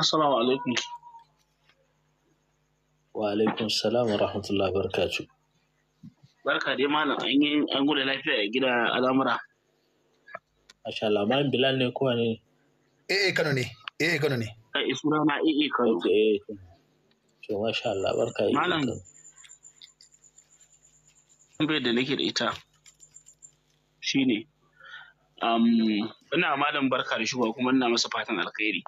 Assalamu alaikum. Wa alaikum salam wa rahmatullahi barkatu. Barka dai malam an yi an gudu lafiya a gida al'amura. Masha Allah, bayan Bilal ne kowa ne? Eh Kano ne, eh Kano ne. Eh isu na eh Kano. Eh to masha Allah barka yi. Malam. bai da nake da ita shi um ina malam barka da shi kuma ina masa fatan alkhairi.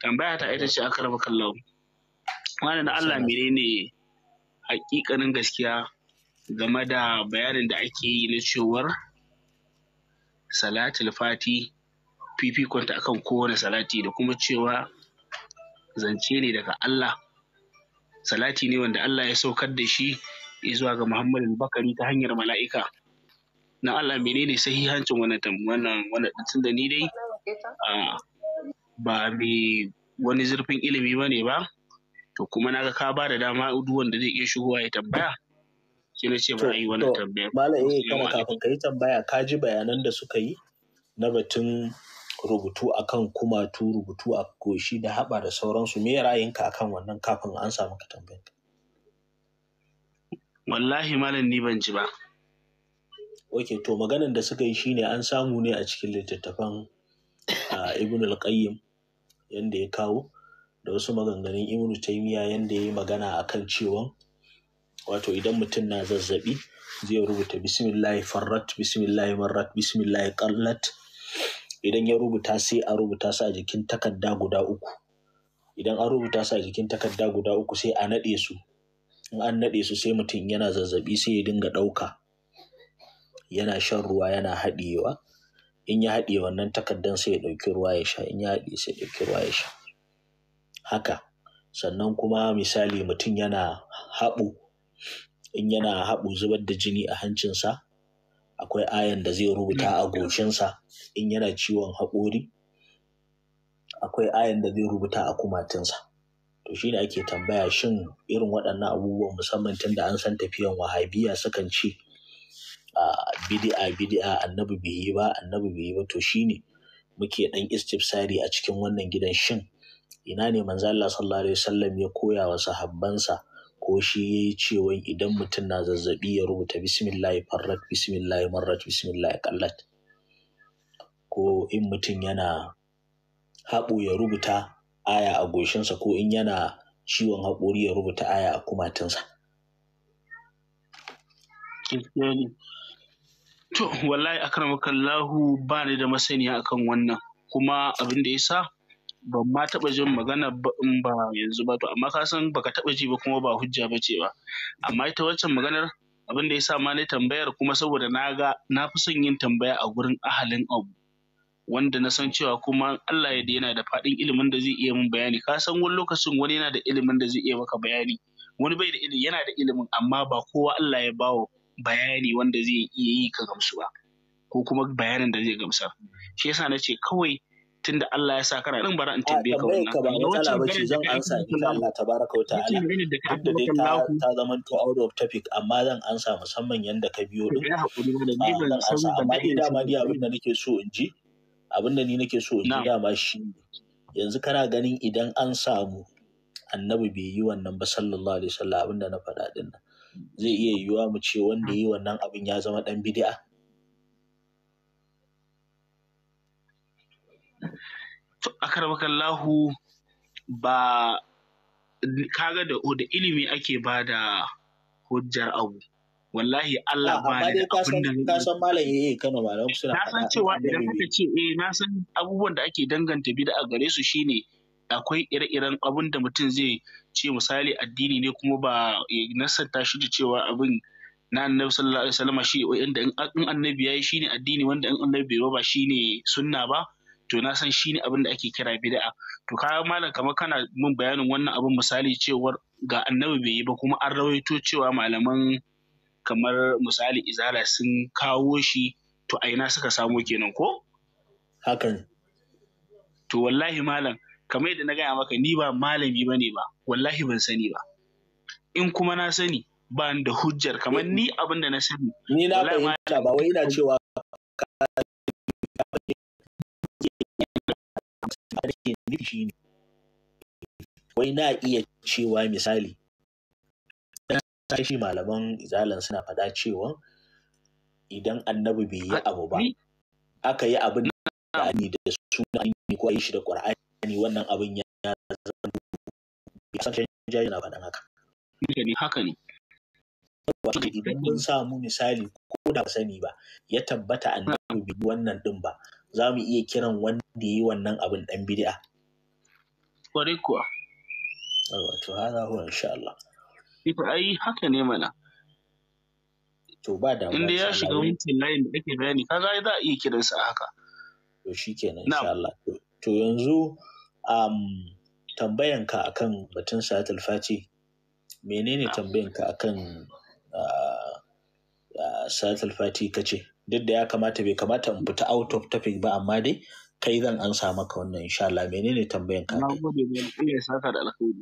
tambaya ta ita ce aka raba kallon wani da Allah ne hakikanin gaskiya game da bayanin da ake yi na cewar salatul fati fifikonta akan kowane salati da kuma cewa zance ne daga Allah salati ne wanda Allah ya saukar da shi zuwa ga Muhammadu Bakari ta hanyar mala'ika na Allah menene sahihancin wannan wannan wannan tunda ni dai a ba mai wani zurfin ilimi ba ne ba to kuma naga ka ba da dama duk wanda zai iya shigowa ya tambaya sai na ce ba yi wannan tambayar malam eh kama kafin ka yi tambaya ka ji bayanan da suka yi na batun rubutu akan kumatu rubutu a goshi da haɓa da sauransu me ra'ayinka akan wannan kafin an samu ka tambayar wallahi malam ni ban ji ba ok to maganan da suka yi shine an samu ne a cikin littattafan a ibn al-qayyim ya kawo da wasu maganganun ibn taymiya yanda ya yi magana a kan cewa wato idan mutum na zazzabi zai rubuta bismillah farrat bismillah marrat bismillah qallat idan ya rubuta sai a rubuta su jikin takarda guda uku idan an rubuta su jikin takarda guda uku sai a naɗe su in an naɗe su sai mutum yana zazzabi sai ya dinga ɗauka yana shan ruwa yana haɗiyewa in ya haɗiye wannan takardan sai ya ɗauki ruwa ya sha in ya haɗiye sai ya ɗauki ruwa ya sha haka sannan kuma misali mutum yana haɓu in yana haɓu zubar da jini a hancinsa akwai ayan da zai rubuta a goshinsa in yana ciwon haƙori akwai ayan da zai rubuta a kumatinsa to shi ne ake tambaya shin irin waɗannan abubuwan musamman tun da an san tafiyan wahabiya sukan ce Bidi'a, Bidi'a, annabi bai yi ba annabi bai yi ba to shine muke dan istifsari a cikin wannan gidan shin ina ne manzo Allah sallallahu alaihi wasallam ya koya wa sahabbansa ko shi yayi cewa idan mutum na zazzabi ya rubuta bismillah farrat bismillah marrat bismillah qallat ko in mutum yana haɓu ya rubuta aya a goshinsa ko in yana ciwon haƙori ya rubuta aya a kumatinsa. To, wallahi makallahu ba ni da masaniya akan wannan kuma abin da ya sa ban ma taɓa jin magana ba in ba yanzu ba to amma ka san baka taɓa ji ba kuma ba hujja ba ce ba amma ita waccan maganar abin da ya sa ma na tambayar kuma saboda na ga na fi son yin tambaya a gurin ahalin abu wanda na san cewa kuma Allah ya yana da faɗin ilimin da zai iya min bayani ka san wani lokacin wani yana da ilimin da zai iya maka bayani wani bai da ilimi yana da ilimin amma ba kowa Allah ya bawo bayani wanda zai iya yi ka gamsu ba ko kuma bayanin da zai gamsar shi yasa na ce kawai tun da Allah ya sa kana nan bara in tambaye ka wannan ka ba wata ba ce zan ansa in ta Allah tabaraka wa ta'ala duk da dai ta ta zaman to out of topic amma zan ansa musamman yanda ka biyo din ah, zan ansa amma dai dama dai abin da nake so in ji abin da ni nake so in ji dama shi yanzu kana ganin idan an samu annabi bai yi wannan ba sallallahu alaihi wasallam abin da na faɗa din nan zai iya yiwuwa mu ce wanda yi wannan abin ya zama ɗan bidi'a? akarbakallahu ba kaga da da ilimi ake ba da hujjar abu wallahi Allah ba da abin da ka san malam eh Kano malam suna na san cewa idan aka ce eh na san abubuwan da ake danganta bid'a gare su shine akwai ire-iren abin da mutum zai ce misali addini ne kuma ba ya nasanta shi da cewa abin na annabi sallallahu alaihi wasallam shi wanda in annabi yayi shine addini wanda in annabi bai ba shine sunna ba to na san shine abin da ake kira bid'a to ka malam kamar kana min bayanin wannan abin misali cewar ga annabi bai yi ba kuma an rawaito cewa malaman kamar misali izala sun kawo shi to a ina suka samo kenan ko hakan to wallahi malam kamar yadda na gaya maka ni ba malami ba ne ba wallahi ban sani ba in kuma na sani ba da hujjar kamar ni abin da na sani ni na fahimta ba wai ina cewa wai na iya cewa misali shi malaman izalan suna faɗa cewa idan annabi bai yi abu ba aka yi abin da da suna ko yi shi da ƙwar'ani ni wannan abin ya zama kasashen jaji na faɗin haka. ne haka ne. Idan mun samu misali ko da sani ba ya tabbata annabi bi wannan din ba za mu iya kiran wanda ya yi wannan abin ɗan bid'a. Kwarai kuwa. Wato hada huwa insha Allah. Ita ai haka ne mana. To ba da wani Inda ya shiga wancan layin da ake bayani ka za a iya kiransa haka. To shi kenan insha Allah. To yanzu um, tambayanka kan batun salatul fati menene tambayanka a uh, uh, salatul ka ce? duk da ya kamata bai kamata in fita out of topic ba amma dai kai zan ansa maka wannan insha Allah menene tambayanka na gode mai ya saka da alkhairi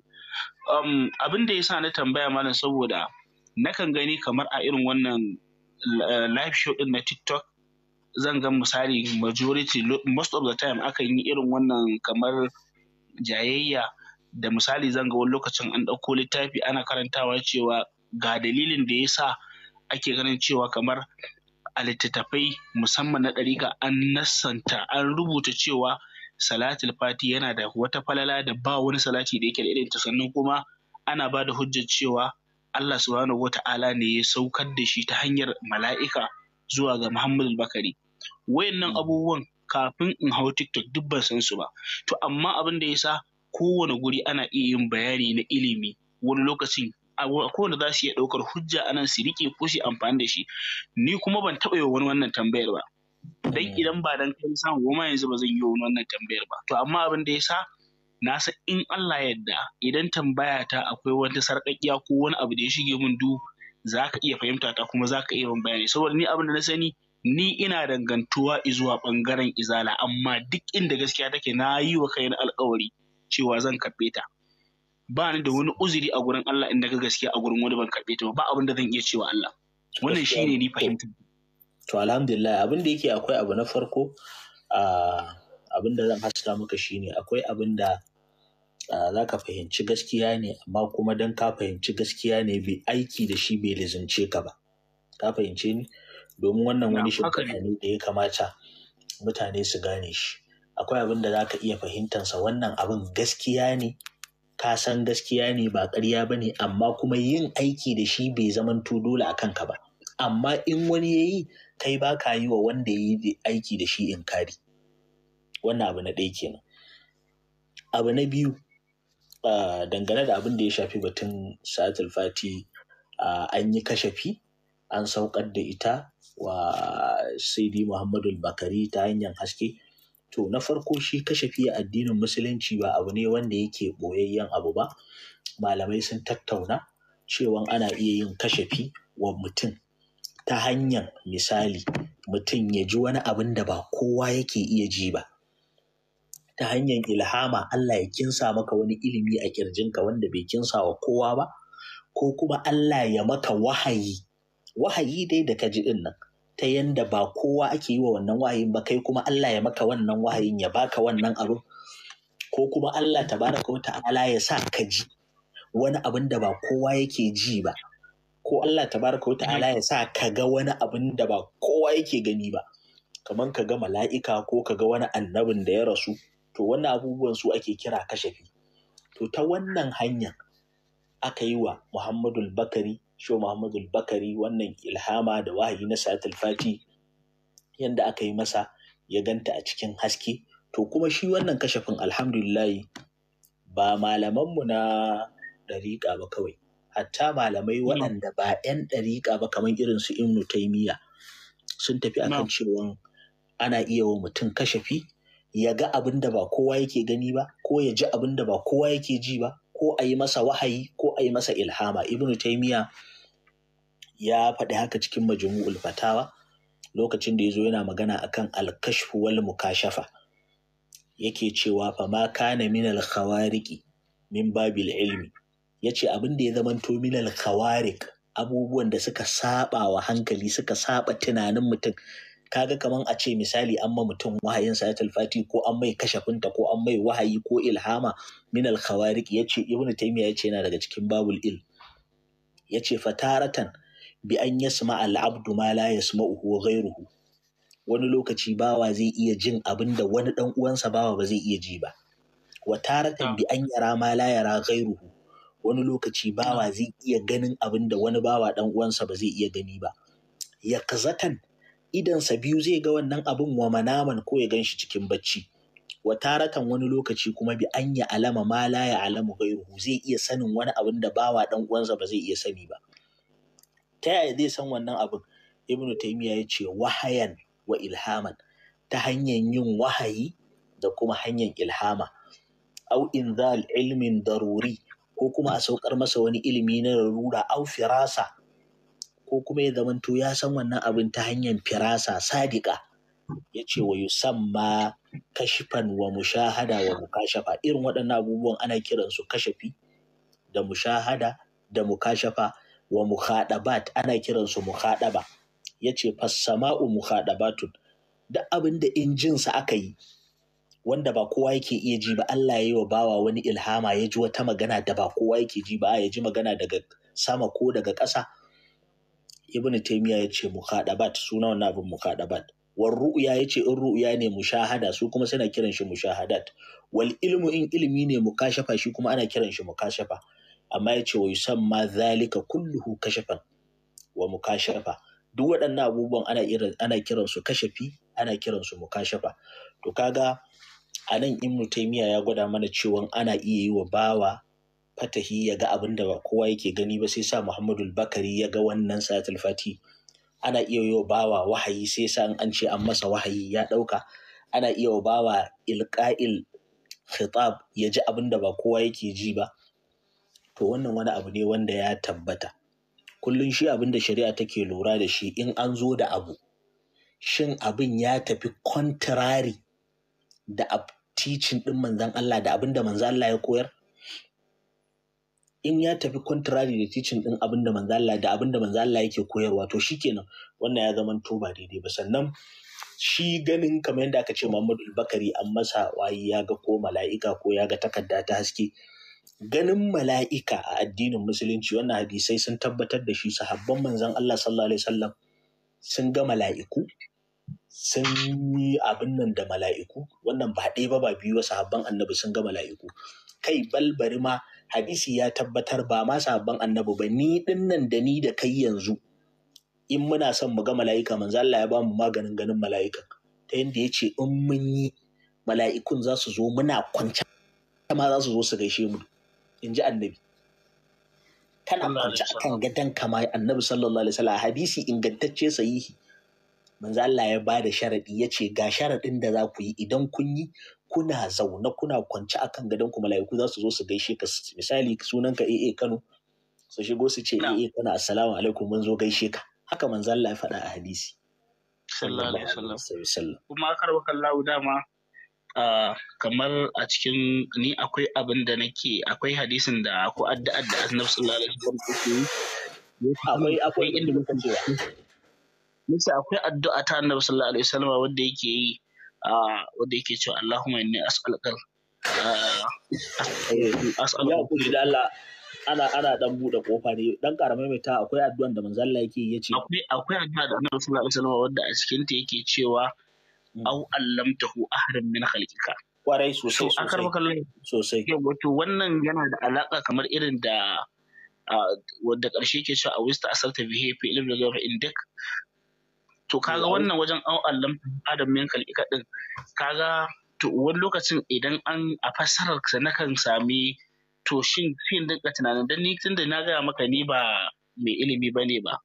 um, abin da sa na tambaya malam saboda nakan gani kamar a irin wannan eh, live show din na TikTok zan ga misali majority most of the time akan yi irin wannan kamar jayayya da misali zan ga wani lokacin an ɗauko littafi ana karantawa cewa ga dalilin da ya sa ake ganin cewa kamar a littattafai musamman na ɗarika an nassanta an rubuta cewa salatul fati yana da wata falala da ba wani salati da yake da irin sannan kuma ana ba da hujjar cewa Allah subhanahu wa ta'ala ne ya saukar da shi ta hanyar mala'ika zuwa ga Muhammad bakari wayannan hmm. abubuwan kafin in hau TikTok duk ban san su ba. To amma abin da ya sa kowane guri ana iya yin bayani na ilimi wani lokacin kowane za su iya ɗaukar hujja a nan su riƙe ko su amfani da shi. Ni kuma ban taɓa yi wani wannan tambayar ba. Dan hmm. idan ba dan kai samu goma yanzu ba zan yi wani wannan tambayar ba. To amma abin da ya sa na san in Allah yadda idan tambaya ta akwai wata sarƙaƙiya ko wani abu da ya shige min du za ka iya fahimta ta kuma za ka iya yin bayani saboda ni abin da na sani ni ina dangantuwa zuwa ɓangaren izala amma duk inda gaskiya take na yi wa kaina alkawari cewa zan karɓe ta ba ni da wani uzuri a gurin Allah inda ga gaskiya a gurin wani ban karɓe ta ba abin da zan iya cewa Allah wannan shine ni fahimta to alhamdulillah abin da yake akwai abu na farko abin da zan haska maka shine akwai abin da za ka fahimci gaskiya ne amma kuma don ka fahimci gaskiya ne bai aiki da shi bai lizince ka ba ka fahimce ni domin wannan wani shimfiɗa ne da ya kamata mutane su gane shi akwai abin da za ka iya fahimtansa wannan abin gaskiya ne ka san gaskiya ne ba karya ba ne amma kuma yin aiki da shi bai zamanto dole a kanka ba amma in wani ya yi kai ba ka yi wa wanda ya yi aiki da shi in kari wannan abu na ɗaya kenan abu na biyu ah, dangane da abin da ya shafi batun sa'atul fati ah, an yi kashafi an saukar da ita wa Saidi Muhammadu Bakari ta hanyar haske to na farko shi kashe fiye addinin musulunci ba abu ne wanda yake boyayyen abu ba malamai sun tattauna cewan ana iya yin kashafi wa mutum ta hanyar misali mutum ya ji wani abin da ba kowa yake iya ji ba ta hanyar ilhama Allah ya kinsa maka wani ilimi a kirjinka wanda bai kinsa wa kowa ba ko kuma Allah ya maka wahayi wahayi dai da ka ji nan ta yanda ba kowa ake yi wa wannan wahayin ba kai kuma Allah ya maka wannan wahayin ya baka wannan abu ko kuma Allah tabaraka wa ta'ala ya sa ka ji wani abin da ba kowa yake ji ba ko Allah tabaraka wa ta'ala ya sa ka ga wani abin da ba kowa yake gani ba kamar ka ga mala'ika ko ka ga wani annabin da ya rasu to wannan abubuwan su ake kira kashafi to ta wannan hanyar aka yi wa Muhammadu Bakari Sho Muhammadu Bakari wannan ilhama da wahayi na Satul Fati yanda aka yi masa ya ganta a cikin haske to kuma shi wannan kashafin alhamdulillahi ba malamanmu na ɗariƙa ba kawai hatta malamai mm. waɗanda ba 'yan ɗariƙa ba kamar irin su Ibn Taymiyyah sun tafi akan cewa ana iya wa mutum kashafi ya ga abin da ba kowa yake gani ba ko ya ji abin da ba kowa yake ji ba ko a yi masa wahayi ko a yi masa ilhama ibnu taimiya ya faɗi haka cikin majmu'ul fatawa lokacin da ya zo yana magana akan alkashfu wal mukashafa yake cewa fa ma kana min al min babil ilmi yace abin da ya zamanto min al khawariq abubuwan da suka saba wa hankali suka saba tunanin mutum kaga kaman a ce misali an ma mutum wahayin sayatul fati ko an mai kashafinta ko an mai wahayi ko ilhama min al khawariq yace ibnu taymiya yace yana daga cikin babul ilm yace fataratan bi an suma al'abdu ma la yasma'uhu ghairuhu wani lokaci bawa zai iya jin abin da wani dan uwansa bawa ba zai iya ji ba wa taratan bi an yara ma la yara gairuhu wani lokaci bawa zai iya ganin abin da wani bawa dan uwansa ba zai iya gani ba ya kazatan sa biyu zai ga wannan abin wa manaman ko ya gan shi cikin bacci wa taratan wani lokaci kuma bi an ya alama ma la ya alamu gairuhu zai iya sanin wani abin da bawa dan uwansa ba zai iya sani ba ta yaya zai san wannan abin ibn taymiya ya ce wahayan wa ilhaman ta hanyar yin wahayi da kuma hanyar ilhama au inzal ilmin daruri ko kuma a saukar masa wani ilimi na rarura au firasa ko kuma ya zamanto ya san wannan abin ta hanyar firasa sadika ya ce wa yusamma kashifan wa mushahada wa mukashafa irin waɗannan abubuwan ana kiransu kashafi da mushahada da mukashafa wa muhadabat ana kiransu muhadaba yace fassama'u muhadabatun duk abin da injinsa aka yi wanda ba kowa yake iya ji ba Allah ya yi wa bawa wani ilhama ya ji wata magana da ba kowa yake ji ba ya ji magana daga sama ko daga ƙasa ibnu taymiya ya ce muhadabat suna wannan abin muhadabat war ru'ya yace in ru'ya ne mushahada su kuma suna kiran shi mushahadat wal ilmu in ilmi ne mukashafa shi kuma ana kiran shi mukashafa amma ya ce wa yusamma zalika kulluhu kashafan wa mukashafa duk waɗannan abubuwan ana irin ana kiran su kashafi ana kiran su mukashafa to kaga a nan in taymiya ya gwada mana cewa ana iya yi wa bawa fatahi ya ga abin da ba kowa yake gani ba sai sa muhammadul bakari ya ga wannan sayatul fati ana iya yi wa bawa wahayi sai sa an ce an masa wahayi ya ɗauka ana iya wa bawa ilka'il khitab ya ji abin da ba kowa yake ji ba to wannan wani abu ne wanda ya tabbata kullum shi abin da shari'a take lura da shi in an zo da abu shin abin ya tafi contrary da teaching ɗin manzan Allah da abin da manzan Allah ya koyar in ya tafi contrary da teaching ɗin abin da manzan Allah da abin da manzan Allah yake koyarwa to shikenan wannan ya zama to ba daidai ba sannan shi ganin kamar yadda aka ce Muhammadu Bakari an masa wayi ya ga ko mala'ika ko ya ga takarda ta haske ganin mala'ika a addinin musulunci wannan hadisai sun tabbatar da shi sahabban manzon Allah sallallahu alaihi wasallam sun ga mala'iku sun yi abin nan da mala'iku wannan ba ɗaya ba ba biyu ba sahabban annabi sun ga mala'iku kai balbari ma hadisi ya tabbatar ba ma sahabban annabi ba ni din nan da ni da kai yanzu in muna son mu ga mala'ika manzo Allah ya ba mu maganin ganin malaika ta yanda ya ce in mun yi mala'ikun za su zo muna kwance ma za su zo su gaishe mu in ji annabi kana kwanci akan gadon kama annabi sallallahu alaihi wasallam hadisi ingantacce sahihi manzo Allah ya bada sharadi ya ce ga sharadin da za ku yi idan kun yi kuna zaune kuna kwanci akan gadon ku mala'iku za su zo su gaishe ka misali sunan ka AA Kano su shigo su ce AA Kano assalamu alaikum mun zo gaishe ka haka manzo Allah ya faɗa a hadisi sallallahu alaihi wasallam kuma akar kallahu dama uh, kamar a cikin ni akwai abin da nake akwai hadisin da ko addu'ar da annabi sallallahu alaihi wasallam akwai akwai inda muka ce nisa akwai addu'a ta annabi sallallahu alaihi wasallam wanda yake yi uh, wanda yake cewa Allahumma inni as'aluka as'aluka da Allah ana ana dan bude kofa ne dan karamai mai ta akwai addu'an da manzo Allah yake yi yace akwai akwai addu'a da annabi sallallahu alaihi wasallam wanda a cikin ta yake cewa Mm. au allamtahu ahadan min khalqika kwarai sosai sosai sosai wato wannan yana da alaka kamar irin da wadda ƙarshe ke cewa a wista asarta bihe fi ilm da gaba indik to kaga wannan wajen au allam adam min kalika din kaga to wani lokacin idan an a fassarar sa nakan sami to shin shin dinka tunanin dan ni tunda na gaya maka ni ba mai ilimi bane ba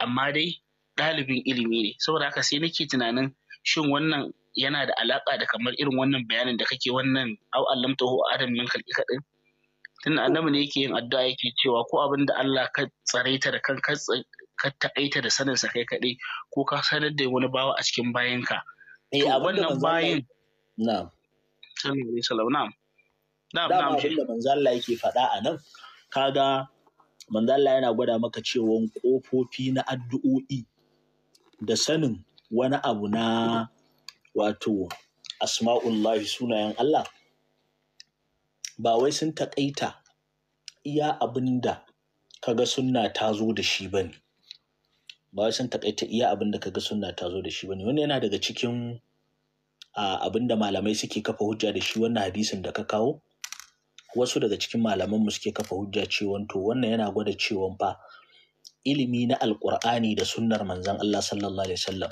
amma dai ɗalibin ilimi ne saboda haka sai nake tunanin shin wannan yana da alaƙa da kamar irin wannan bayanin da kake wannan au allamtahu adam min khalqika din tun annabi ne yake yin addu'a yake cewa ko abin da Allah ka tsare ta da kan ka ta'aita da saninsa kai kaɗai ko ka sanar da wani bawa a cikin bayanka eh wannan bayin na'am sallallahu alaihi wasallam na'am na'am na'am da manzo Allah yake faɗa a nan kaga manzo Allah yana gwada maka cewa kofofi na addu'o'i da sanin wani abu na wato asma'ullahi sunayen Allah ba wai sun taƙaita iya abin da kaga sunna ta zo da shi ba ne ba wai sun taƙaita iya abin da kaga sunna ta zo da shi ba ne wani yana daga cikin abin da malamai suke kafa hujja da shi wannan hadisin da ka kawo wasu daga cikin malaman mu suke kafa hujja cewan to wannan yana gwada cewan fa ilimi na alƙur'ani da sunnar manzon Allah sallallahu alaihi wasallam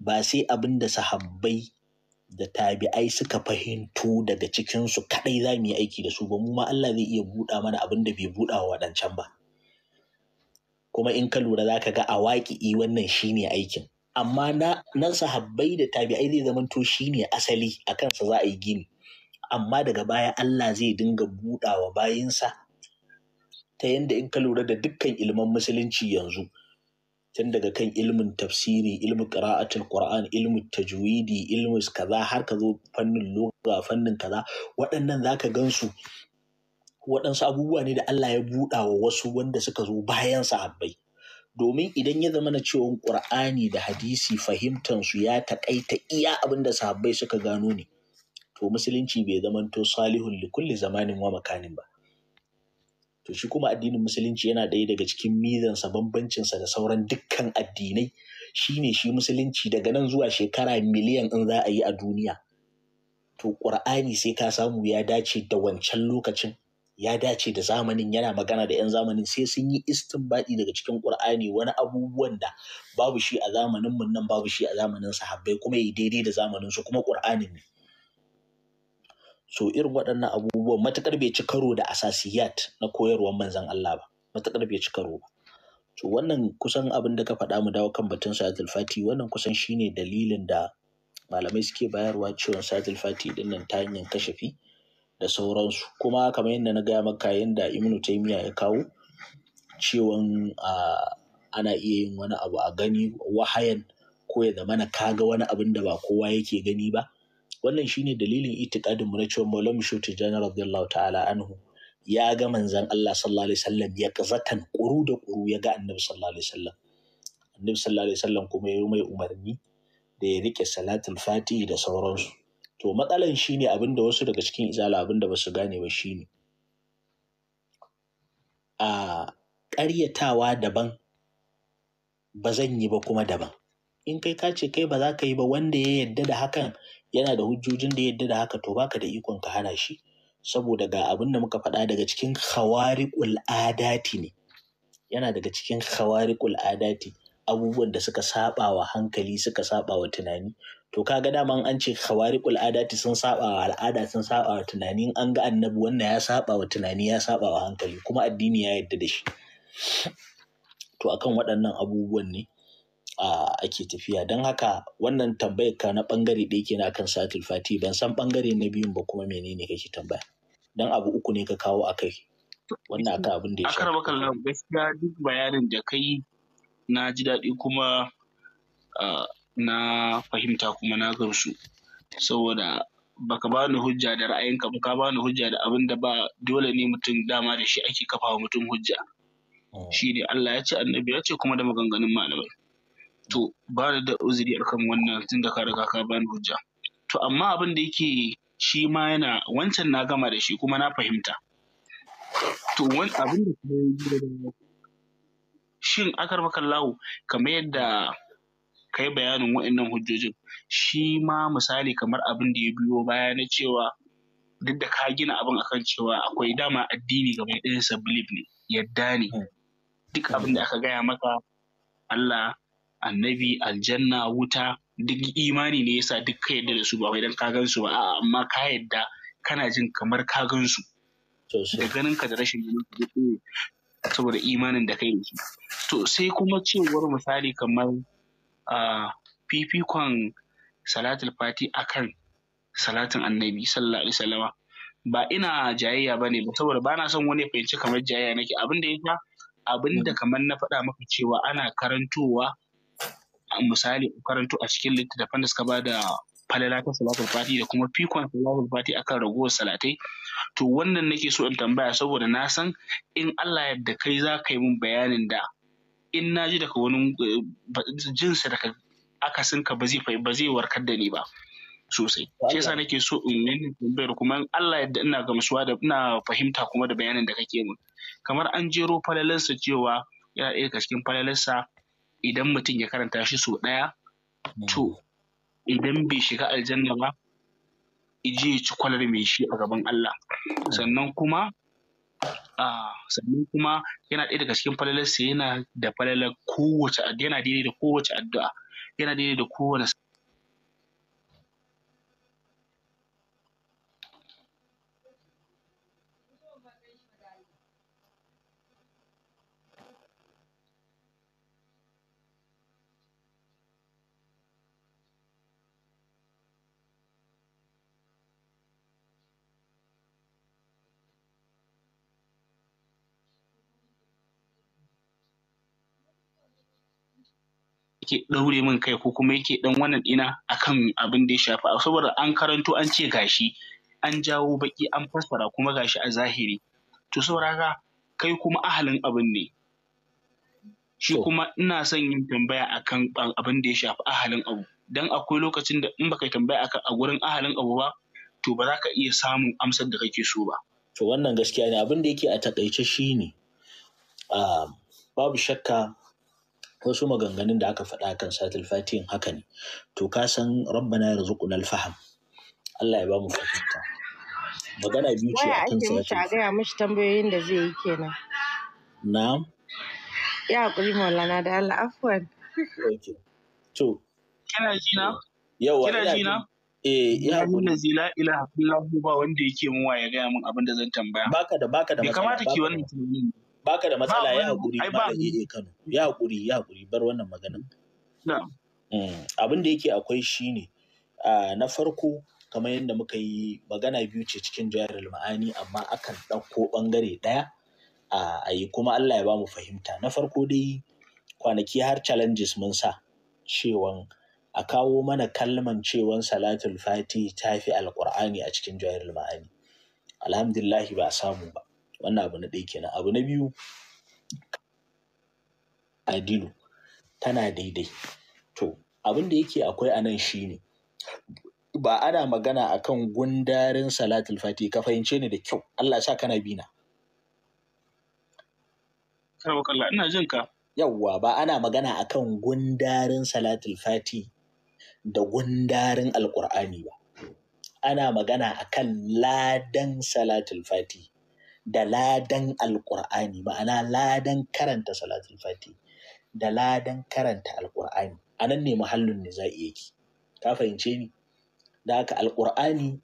ba sai abin da sahabbai da tabi'ai suka fahimto daga cikinsu kaɗai za mu yi aiki da su ba mu ma Allah zai iya buɗa mana abin da bai buɗa wa waɗancan ba kuma in ka lura za ka ga a waƙi'i wannan shi ne aikin amma na, na sahabbai da tabi'ai zai zama to shi ne asali a kansa za a yi gini amma daga baya Allah zai dinga buɗawa bayansa ta yadda in ka lura da dukkan ilman musulunci yanzu tun daga kan ilmin tafsiri ilmin qira'atul qur'an ilmin tajwidi ilmin kaza har ka zo fannin lugha fannin kaza waɗannan zaka gansu waɗansu abubuwa ne da Allah ya buɗa wa wasu wanda suka zo bayan sahabbai domin idan ya zama na cewa ƙur'ani da hadisi fahimtansu ya taƙaita iya abin da sahabbai suka gano ne to musulunci bai zamanto salihun li kulli zamanin wa makanin ba to shi kuma addinin musulunci yana ɗaya daga cikin mizansa bambancinsa da sauran dukkan addinai shine shi musulunci daga nan zuwa shekara miliyan in za a yi a duniya to ƙur'ani sai ka samu ya dace da wancan lokacin ya dace da zamanin yana magana da 'yan zamanin sai sun yi istinbadi daga cikin ƙur'ani wani abubuwan da babu shi a zamanin mun nan babu shi a zamanin sahabbai kuma yi daidai da zamanin su kuma ƙur'anin ne so irin waɗannan abubuwan matuƙar bai ci karo da asasiyat na koyarwar manzan Allah ba matuƙar bai ci karo ba to wannan kusan abin da ka faɗa mu dawo kan batun salatul fati wannan kusan shine dalilin da malamai suke bayarwa cewa salatul fati din nan ta hanyar kashafi da sauransu kuma kamar yadda na gaya maka yadda ibnu taymiya ya kawo cewan ana iya yin wani abu a gani wahayan ko ya zamana ka ga wani abin da ba kowa yake gani ba wannan shi ne dalilin itikadin mu na cewa Maulana Shoti Tijani radiyallahu ta'ala anhu ya ga manzan Allah sallallahu alaihi wasallam ya kazatan kuru da kuru ya ga Annabi sallallahu alaihi wasallam Annabi sallallahu alaihi wasallam kuma ya yi mai umarni da ya rike salatul fatihi da sauransu to matsalan shine abinda wasu daga cikin izala abinda ba su gane ba shine a ƙaryatawa daban ba zan yi ba kuma daban in kai ka ce kai ba za ka yi ba wanda ya yadda da hakan yana da hujjojin da yadda da haka to baka da ikon ka hana shi saboda ga abin da muka faɗa daga cikin khawariqul adati ne yana daga cikin khawariqul adati abubuwan da suka saba wa hankali suka saba wa tunani to kaga daman an ce khawariqul adati sun saba wa al'ada sun saba wa tunani an ga annabi wannan ya saba wa tunani ya saba wa hankali kuma addini ya yarda da shi to akan waɗannan abubuwan ne ake tafiya don haka wannan tambayar ka na ɓangare ɗaya kenan akan satin fati ban san bangare na biyun ba kuma menene kake tambaya don abu uku ne ka kawo akai wannan aka abin da ya shafi. Akar gaskiya duk bayanin da kai na ji daɗi kuma na fahimta kuma na gamsu saboda baka ba ni hujja da ra'ayinka ba ka ba hujja da abin da ba dole ne mutum dama da shi ake kafa wa mutum hujja. Oh. Shi ne Allah ya ce annabi ya ce kuma da maganganun malamai. to ba da uzuri akan wannan tunda ka riga ka bani hujja to amma abin da yake shi ma yana wancan na gama da shi kuma na fahimta to wani abin da shin akar makallahu kamar yadda ka yi bayanin wa'annan hujjojin shi ma misali kamar abin da ya biyo baya na cewa duk da ka gina abin akan cewa akwai dama addini gaba ɗayansa bilif ne yadda ne hmm. duk abin da aka gaya maka Allah annabi aljanna wuta duk imani ne yasa duk ka yadda da su ba wai dan ka gan su ba a'a amma ka yadda kana jin kamar ka gan su da ganin ka da rashin ganin ka saboda imanin da kai da shi to sai kuma cewar misali kamar a fifikon salatul fati akan salatin annabi sallallahu alaihi wasallama ba ina jayayya ba ne saboda ba na son wani ya fahimci kamar jayayya nake abin da ya abin da mm. kamar na faɗa maka cewa ana karantowa misali karanto a cikin littattafan da suka ba da falala ta salatul fati da kuma fikon salatul fati akan ragowar salatai to wannan nake so in tambaya saboda na san in Allah yadda kai za ka yi min bayanin da in na ji daga wani eh, jinsa daga akasin ka ba zai ba warkar da ni ba sosai shi yasa nake so in yi tambayar kuma Allah yadda ina gamsuwa da ina fahimta kuma da bayanin da kake min kamar an jero falalansa cewa yana ɗaya cikin falalansa idan mutum ya karanta shi sau ɗaya hmm. to idan bai shiga aljanna ba ije ya ci kwalar mai shi a gaban Allah hmm. sannan kuma sannan kuma yana ɗaya daga cikin falalarsa yana da falalar kowace yana daidai da kowace addu'a yana daidai da kowane yake ɗaure min kai ko kuma yake ɗan wannan ɗina akan abin da ya shafi saboda an karanto an ce gashi an jawo baki an fassara kuma gashi a zahiri to sauraka kai kuma ahalin abin ne shi kuma ina son yin tambaya akan abin da ya shafi ahalin abu don akwai lokacin da in baka tambaya kan a gurin ahalin abu ba to ba za ka iya samun amsar da kake so ba to wannan gaskiya ne abin da yake a takaice ne, ah, babu shakka wasu maganganun da aka faɗa kan salatul fatihin haka ne to ka san rabbana yanzu al-faham Allah ya ba mu fahimta magana biyu ce akan salatul fatihin ga ya mishi tambayoyin da zai yi kenan na'am ya kuri maulana da Allah afwan okay to kana ji na wa kana ji na eh ya mun zai la ilaha illallah ba wanda yake mun waye ga mun abin da zan tambaya baka da baka da kamata ki wannan tambayoyin baka da matsala ya haƙuri malam ya Kano ya haƙuri ya haƙuri bar wannan magana mm, abin da yake akwai shi ne, na farko kamar yadda muka yi magana biyu ce cikin jayar ma'ani amma akan ɗauko ɓangare ɗaya a yi kuma Allah ya ba mu fahimta na farko dai kwanaki har challenges mun sa cewan a kawo mana kalman cewan salatul fati ta fi alƙur'ani a cikin jayar ma'ani alhamdulillahi ba a samu ba wannan abu na ɗaya kenan abu na biyu adilu tana daidai to abin da yake akwai a nan shine ba ana magana akan gundarin salatul fati ka fahimce ni da kyau Allah sa kana bina karbakalla ina jin ka yawwa ba ana magana akan gundarin salatul fati da gundarin alkur'ani ba ana magana akan ladan salatul fati da ladan alƙur'ani ma'ana ladan karanta salatul fati da ladan karanta alƙur'ani a nan ne muhallin ne za yake ka fahimce ni da haka alkur'ani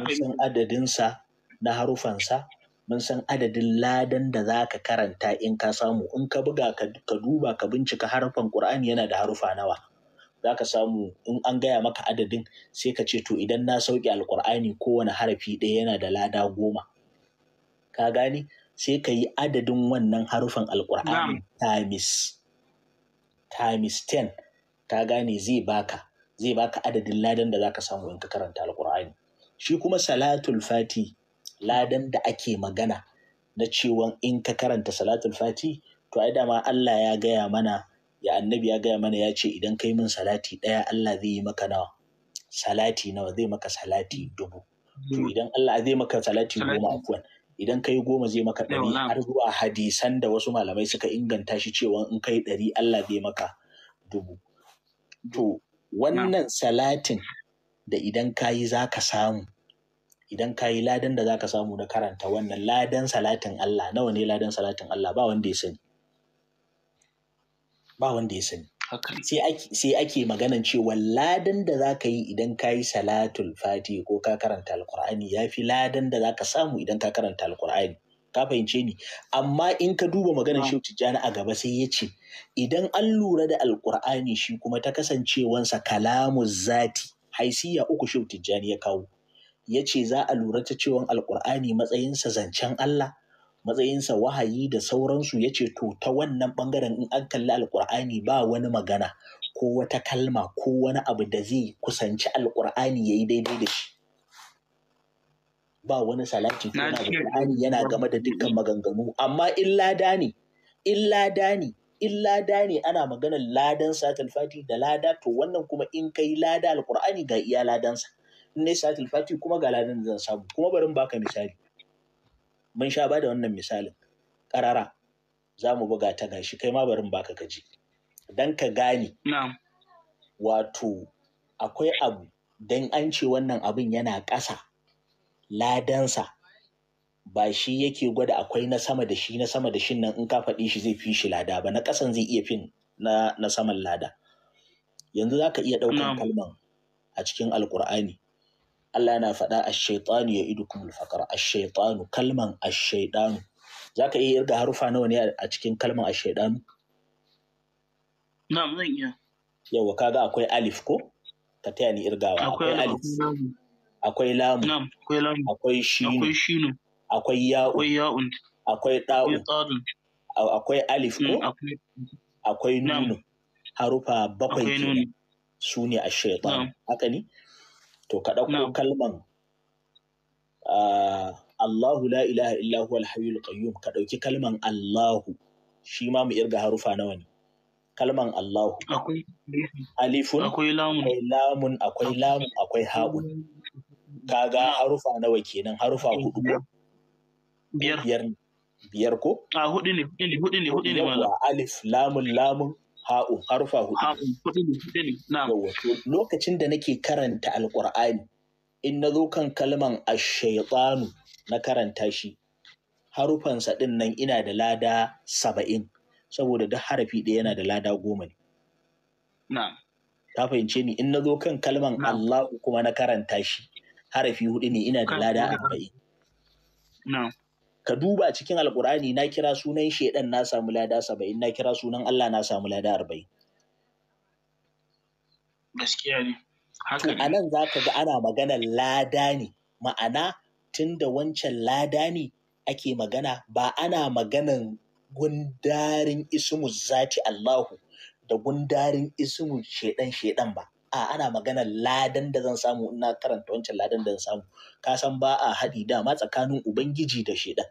mun san adadinsa na harufansa mun san adadin ladan da za ka karanta in ka samu in ka buga ka duba ka bincika harufan ƙur'ani yana da harufa nawa za ka samu in an gaya maka adadin sai ka ce to idan na sauƙi alkur'ani kowane harafi ɗaya yana da lada goma ka gane sai ka yi adadin wannan harufan alkur'ani times times 10 ka gane zai baka zai baka adadin ladan da zaka samu in ka karanta alkur'ani shi kuma salatul fati ladan da ake magana na cewa in ka karanta salatul fati to ai dama Allah ya gaya mana ya annabi ya gaya mana ya ce idan kai min salati ɗaya Allah zai yi maka nawa salati nawa zai maka salati dubu to idan Allah zai maka salati goma afuwan idan kai goma zai maka ɗari har zuwa hadisan da wasu malamai suka inganta shi cewa in kai ɗari Allah zai maka dubu. To wannan salatin da idan kayi za ka samu idan kayi ladan da za ka samu na karanta wannan ladan salatin Allah nawa ne ladan salatin Allah ba wanda ya sani. Ba wanda ya sani. sai ake maganan cewa ladan da za ka yi idan ka yi salatul fati ko ka karanta alkur'ani ya fi ladan da za ka samu idan ka karanta alkur'ani ka fahimce ni amma in ka duba maganan shi tijjani a gaba sai ya ce idan an lura da alkur'ani shi kuma ta kasancewansa kalamu zati haisiya uku shi tijjani ya kawo ya ce za a lura ta cewa alkur'ani matsayinsa zancen Allah matsayinsa wahayi da sauransu ya ce to ta wannan bangaren in an kalli alkur'ani ba wani magana ko wata kalma ko wani abu da zai kusanci alkur'ani ya yi daidai da shi ba wani salati ko na alkur'ani yana game da dukkan maganganu amma in lada ne in lada ne in lada ne ana maganar ladan satul fati da lada to wannan kuma in kai lada alkur'ani ga iya ladansa in ne satul fati kuma ga ladan da zan samu kuma bari baka misali mun sha ba da wannan misalin Karara za mu buga ta gashi kai ma barin baka ji. don ka gane wato akwai abu don an ce wannan abin yana ƙasa ladansa ba shi yake gwada akwai na sama da shi na sama da shin nan in ka faɗi shi zai fi shi lada ba na ƙasan zai iya fin na, na saman lada yanzu za ka iya ɗaukan kalman a cikin alkur'ani Allah yana faɗa a shaitanu ya idu kuma alfakar a shaitanu kalman a shaitanu za ka iya irga harufa nawa ne a cikin kalman a shaitanu. na'am zan iya yawa kaga akwai alif ko ka taya ni irgawa akwai alif akwai lamu akwai lamu akwai shinu akwai shinu akwai ya'u akwai ya'u. akwai ɗa'u. akwai alif ko mm, akwai nunu harufa bakwai su ne a shaitanu haka ne to ka ɗauko kalman ah, Allahu la ilaha illahu huwal hayyul qayyum ka ɗauki kalman Allahu shi ma mu irga harufa nawa ne kalman Allahu akwai alifun akwai lamun akwai lamun akwai ha'un kaga harufa nawa kenan harufa hudu biyar biyar ko a ah, hudu ne hudu ne hudu ne alif lamun lamun ha'u harufa hudu lokacin da nake karanta alqur'ani in na zo kan kalman ash-shaytanu na karanta shi harufansa din nan ina da lada saba'in saboda duk harafi ɗaya yana da lada goma ne ta fahimce ni in na zo kan kalman Allahu kuma na karanta shi harafi hudu ne ina da lada arba'in ka duba cikin alkur'ani na kira sunan shaidan na samu lada saba'in na kira sunan Allah na samu lada arba'in gaskiya ne haka ne ga ana magana lada ne ma'ana tun da wancan lada ne ake magana ba ana maganan gundarin ismu zati Allahu da gundarin ismu shaidan shaidan ba a ana maganar ladan da zan samu ina karanta wancan ladan da zan samu ka san ba a haɗi dama tsakanin ubangiji da shedan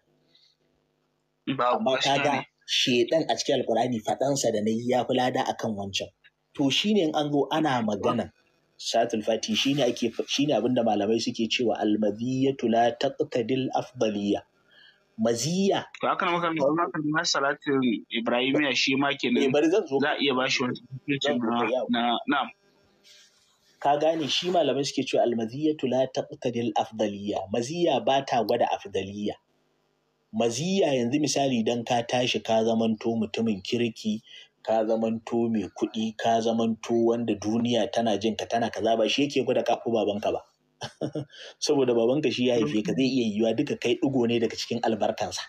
amma ka ga shedan a cikin alkurani faɗansa da na yi ya fi lada akan wancan to shine in an zo ana magana satul fati shine ake shine abinda malamai suke cewa almadiyatu la taqtadil afdaliya maziya to haka maka na salatin ibrahimiya shi ma kenan eh, za a iya bashi wani na na ka gane shi malamai suke cewa almaziyatu la taqtadil afdaliya maziya ba ta gwada afdaliya maziya yanzu misali dan ka tashi ka zamanto mutumin kirki ka zamanto mai kuɗi ka zamanto wanda duniya tana jin ka tana kaza ba shi yake gwada kafu babanka ba saboda babanka shi ya haife ka zai iya yiwuwa duka kai ɗigo ne daga cikin albarkansa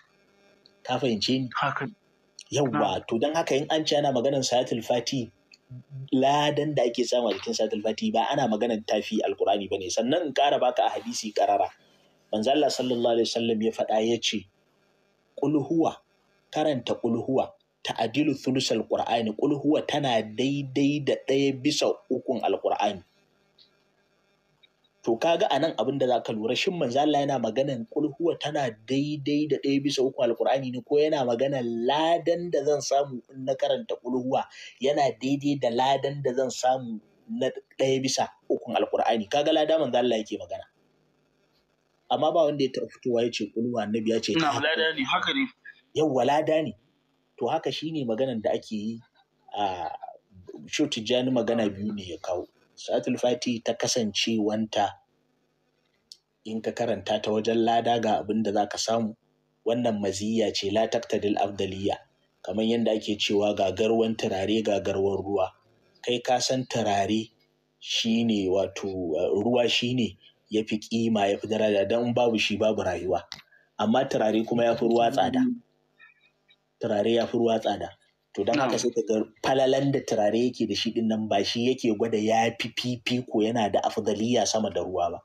ka fahimce ni yawwa to don haka in an ce ana maganar sayatul fati ladan da ake samu a jikin salatul fati ba ana maganar tafi alkurani ba ne sannan in ƙara baka a hadisi karara. manzo Allah sallallahu alaihi wasallam ya faɗa ya ce kulhuwa karanta ta ta'adilu thulusal qur'ani kulhuwa tana daidai da ɗaya bisa ukun alkur'ani to kaga anan abin da zaka lura shin manzo Allah yana maganan kulhuwa tana daidai da ɗaya bisa uku alqur'ani ne ko yana maganan ladan da zan samu in na karanta kulhuwa yana daidai da ladan da zan samu na ɗaya bisa ukun alqur'ani kaga lada manzo Allah yake magana amma ba wanda ya taɓa fitowa ya ce kulhuwa annabi ya ce na lada ne haka ne yawwa lada ne to haka shine maganan da ake yi a Shehu jani magana biyu ne ya kawo salatul fati ta wanta in ka karanta ta wajen lada ga abin da za ka samu wannan maziyya ce la taktadil afdaliya kamar yadda ake cewa garwan turare gagarwan ruwa kai ka san turare ne wato ruwa shi ne ya fi kima ya fi daraja don babu shi babu rayuwa amma turare kuma ya fi ruwa tsada turare ya fi ruwa tsada to don haka sai ga falalan da turare yake da shi din nan ba shi yake gwada ya fi fifi ko yana da afdaliya sama da ruwa ba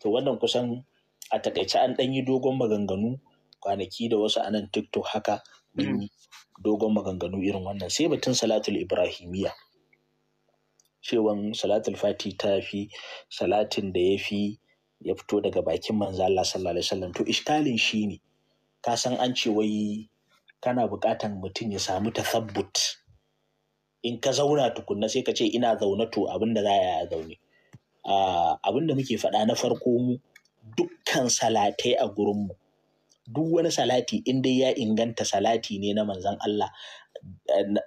to wannan kusan a takaice an ɗan yi dogon maganganu kwanaki da wasu anan tiktok haka mm. dogon maganganu irin wannan sai batun salatul ibrahimiyya cewan salatul fati ta fi salatin da ya fi ya fito daga bakin manzo Allah sallallahu alaihi wasallam to iskalin shine ka san an ce wai kana buƙatan mutum ya samu sabbut in ka zauna tukunna sai ka ce ina zaune to abin da za a yi zaune abin da muke faɗa na farko mu dukkan salatai a gurinmu duk wani salati in dai ya inganta salati ne na manzan Allah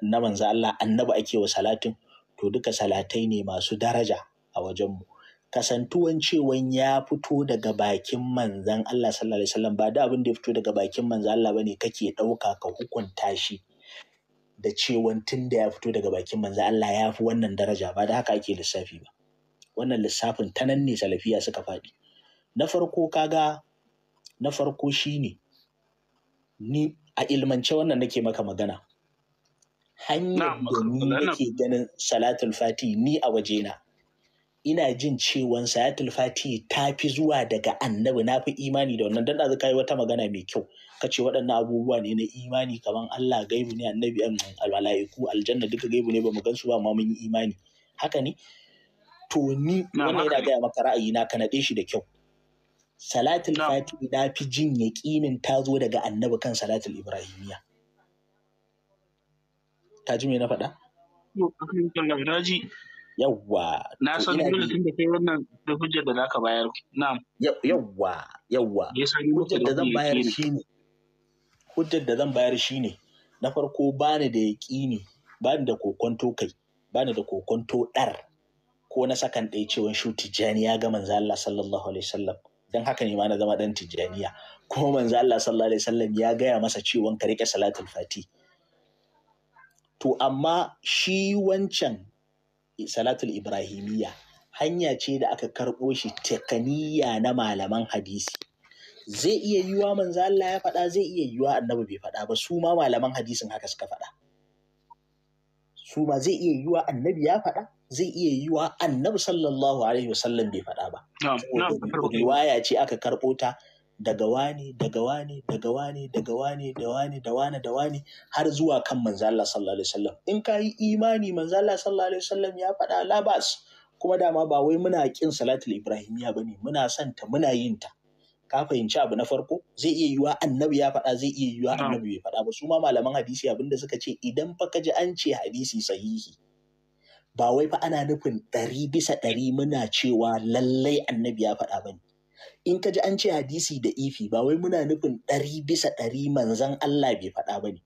na manzan Allah annabi ake wa salatin to duka salatai ne masu daraja a wajenmu kasantuwan cewan ya fito daga bakin manzan Allah sallallahu alaihi wasallam ba da abin da ya fito daga bakin manzan Allah bane kake ɗauka ka hukunta shi da cewan tun da ya fito daga bakin manzan Allah ya fi wannan daraja ba da haka ake lissafi ba wannan lissafin ta nan ne salafiya suka faɗi na farko kaga na farko shine ni a ilmance wannan nake maka magana hanyar da ni nake ganin salatul fati ni a waje na. ina jin cewan salatul fati ta fi zuwa daga annabi na fi imani da wannan dan da yi wata magana mai kyau ka ce waɗannan abubuwa ne na imani kaman Allah gaibu ne annabi mala'iku aljanna duka gaibu ne bamu gansu ba ma mun yi imani haka ne to ni wannan yana gaya maka ra'ayi na ka naɗe shi da kyau salatul fati na fi jin yaƙinin ta zo daga annabi kan salatul ibrahimiya ta ji me na faɗa? Raji, yawwa na san dole tun da kai wannan da hujjar da zaka bayar na'am yawwa yawwa hujjar da zan bayar shine hujjar da zan bayar shine na farko bani da yaƙini bani da kokonto kai bani da kokonto dar ko na sakan ɗaya cewa shu tijjani ya ga manzo Allah sallallahu alaihi wasallam dan haka ne ma na zama dan tijjaniya ko manzo Allah sallallahu alaihi wasallam ya gaya masa cewa ka rike salatul fati to amma shi wancan salatul ibrahimiyya hanya ce da aka karɓo shi tekaniya na malaman hadisi zai iya yiwa manzo Allah ya faɗa zai iya yiwa annabi bai faɗa ba su ma malaman hadisin haka suka faɗa su ma zai iya yiwa annabi ya faɗa zai iya yiwa annabi sallallahu alaihi wasallam bai faɗa ba riwaya ce aka karɓo ta daga wani daga wani daga wani daga wani da wani da wani da wani har zuwa kan manzo Allah sallallahu alaihi wasallam in ka yi imani manzo Allah sallallahu alaihi wasallam ya faɗa labas kuma dama ba wai muna kin salatul ibrahimiya bane muna son ta muna yin ta ka fahimci abu na farko zai iya yiwa annabi ya faɗa zai iya yiwa annabi bai faɗa ba su ma malaman hadisi abinda suka ce idan fa ka ji an ce hadisi sahihi ba wai fa ana nufin ɗari bisa ɗari muna cewa lallai annabi ya faɗa bane in ka ji an ce hadisi da ifi ba wai muna nufin ɗari bisa ɗari manzan Allah bai faɗa ba ne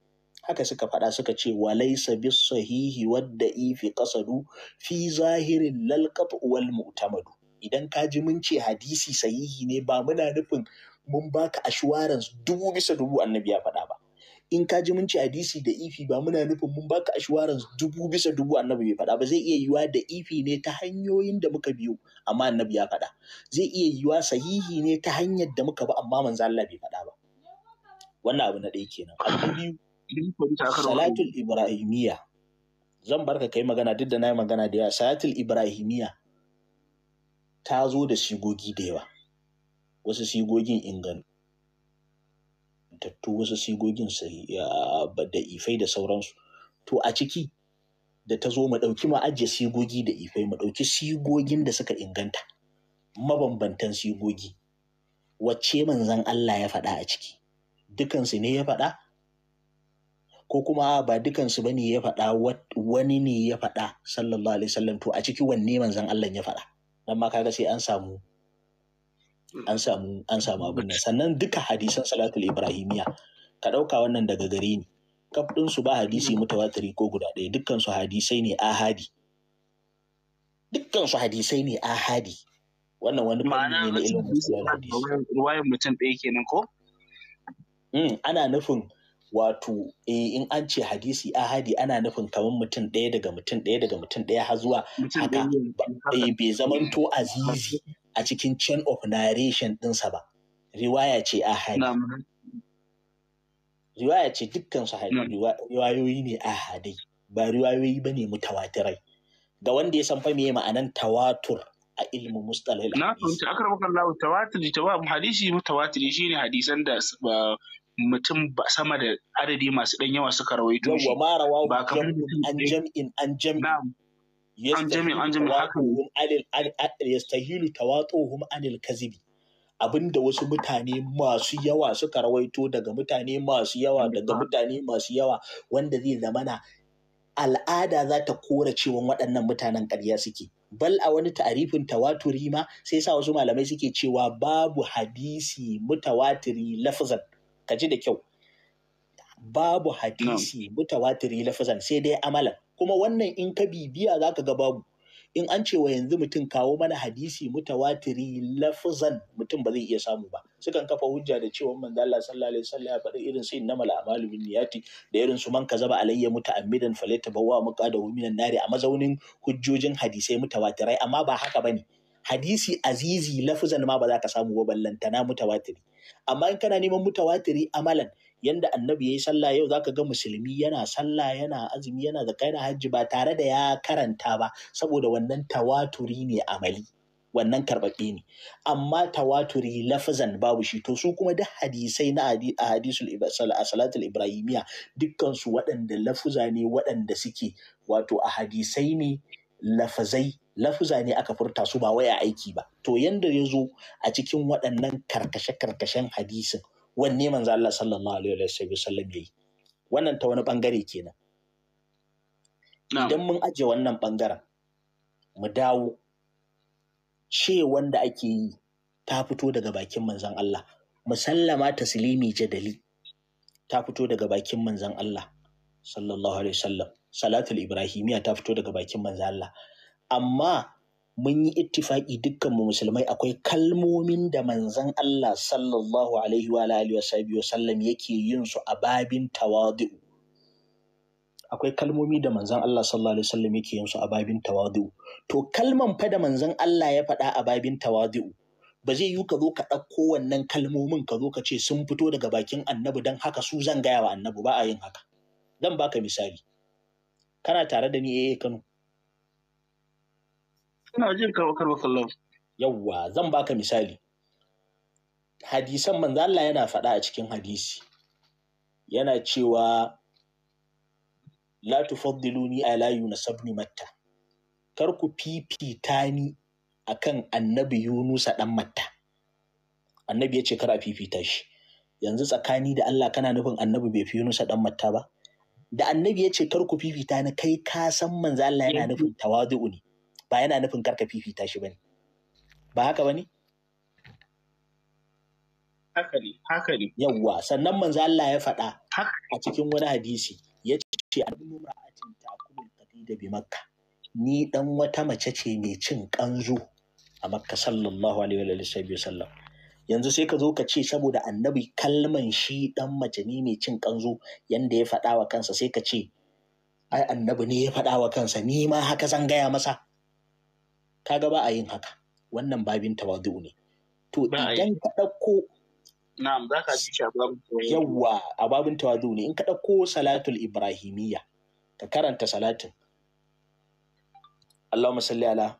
haka suka faɗa suka ce laisa bis sahihi wadda ifi kasadu fi zahirin lalkaf wal mu'tamadu idan ka ji mun ce hadisi sahihi ne ba muna nufin mun baka ashwarans dubu bisa dubu annabi ya faɗa ba in ka ji mun ce hadisi da ifi ba muna nufin mun baka ashwaran dubu bisa dubu annabi bai faɗa ba zai iya yiwa da ifi ne ta hanyoyin da muka biyo amma annabi ya faɗa zai iya yiwa sahihi ne ta hanyar da muka ba amma manzo Allah bai faɗa ba wannan abu na ɗaya kenan salatul ibrahimiya zan barka kai magana duk da na yi magana da yawa salatul ibrahimiya ta zo da sigogi da yawa wasu sigogin ingantattu ingantattu wasu sigogin da ifai da sauransu to a ciki da ta zo mu ɗauki mu ajiye sigogi da ifai mu ɗauki sigogin da suka inganta mabambantan sigogi wacce manzan Allah ya faɗa a ciki dukansu ne ya faɗa ko kuma ba dukansu ba ne ya faɗa wani ne ya faɗa sallallahu alaihi wasallam to a ciki wanne manzan Allah ya faɗa dan ma kaga sai an samu Mm. an samu an samu abin nan sannan duka hadisan salatul ibrahimiya ka ɗauka wannan daga gare ni kaf din su ba hadisi mutawatiri ko guda ɗaya dukkan su hadisai ne ahadi dukkan su hadisai ne ahadi wannan wani fanni ne na ilimin hadisi ruwayan mutum ɗaya kenan ko mm, ana nufin wato eh in an ce hadisi ahadi ana nufin kamar mutum ɗaya daga mutum ɗaya daga mutum ɗaya har zuwa haka eh, bai zamanto azizi a cikin chain of narration ɗinsa ba riwaya ce a hadi riwaya ce dukkan su hadi riwayoyi ne a hadi ba riwayoyi ba ne mutawatirai ga wanda ya san fa me ma'anan tawatur a ilmu mustalai na fahimci akar makallahu tawatur tawatur hadisi mutawatir ne hadisan da mutum ba sama da adadi masu ɗan yawa suka rawaito shi. Yawwa mara wa an jam'in an jam'in yastahilu tawatuhum anil kazibi abinda wasu mutane masu yawa suka rawaito daga mutane masu yawa daga mutane masu yawa wanda zai zamana al'ada za ta kora cewa waɗannan mutanen ƙarya suke bal a wani ta'arifin tawaturi ma sai sa wasu malamai suke cewa babu hadisi mutawatiri lafazan ka ji da kyau babu hadisi mutawatiri lafazan sai dai amalan kuma wannan in ka bibiya za ka ga babu in an cewa yanzu mutum kawo mana hadisi mutawatiri lafzan mutum ba zai iya samu ba sukan kafa hujja da cewa manzo Allah sallallahu alaihi wasallam ya faɗi irin su malamalu bin niyati da irin su man kazaba alayya muta'ammidan muqada wa minan nari a mazaunin hujjojin hadisai mutawatirai amma ba haka bane hadisi azizi lafzan ma ba za ka samu ba ballantana mutawatiri amma in kana neman mutawatiri amalan yanda annabi ya yi sallah yau zaka ga musulmi yana sallah yana azumi yana zakka yana hajji ba tare da ya karanta ba saboda wannan tawaturi ne amali wannan karɓaɓɓe ne amma tawaturi lafazan babu shi to su kuma duk hadisai na a hadisul salatul ibrahimiya dukkansu waɗanda lafuza ne waɗanda suke wato a hadisai ne lafazai lafuza ne aka furta su ba waya aiki ba to yanda ya zo a cikin waɗannan karkashe-karkashen hadisin Wani neman za Allah sallallahu alaihi wa sallam yayi wannan ta wani bangare kenan idan mun aje wannan bangaren mu dawo ce wanda ake yi ta fito daga bakin manzon Allah musallama taslimi jadali ta fito daga bakin manzon Allah sallallahu alaihi wa sallam salatul ibrahimiya ta fito daga bakin manzon Allah amma mun yi ittifaki dukkanmu musulmai akwai kalmomin da manzan Allah sallallahu alaihi wa alihi wa sallam yake yin su a babin tawadu akwai kalmomi da manzan Allah sallallahu alaihi wasallam yake yin su a babin tawadu to kalman fa da manzan Allah ya faɗa a babin tawadu ba zai yi ka zo ka ɗauko wannan kalmomin ka zo ka ce sun fito daga bakin annabi don haka su zan gaya wa annabi ba a yin haka zan baka misali kana tare da ni eh Kano Ina jin karɓar wasallam. Yawwa zan baka misali. Hadisan manzo Allah yana faɗa a cikin hadisi. Yana cewa la tufaddiluni ala Yunus ibn Matta. Kar ku fifita ni akan annabi Yunusa dan Matta. Annabi ya ce kar a fifita shi. Yanzu tsakani da Allah kana nufin annabi bai fi Yunusa dan Matta ba? Da annabi ya ce kar ku fifita ni kai ka san manzo Allah yana nufin tawadu'u ne. ba yana nufin karka fifita shi bane ba haka bane haka ne haka ne yawwa sannan manzo Allah ya faɗa a cikin wani hadisi ya ce al'ummu ra'atin qadida bi makka ni dan wata mace ce mai cin ƙanzu. a makka sallallahu alaihi wa sallam yanzu sai ka zo ka ce saboda annabi kalman shi dan mace ne mai cin kanzo yanda ya faɗa wa kansa sai ka ce ai annabi ne ya faɗa wa kansa ni ma haka zan gaya masa kaga ba a yin haka wannan babin tawadu ne to idan ka na'am za ka ji yawwa a babin tawadu ne in ka ɗauko salatul ibrahimiyya ka karanta salatin Allahumma salli ala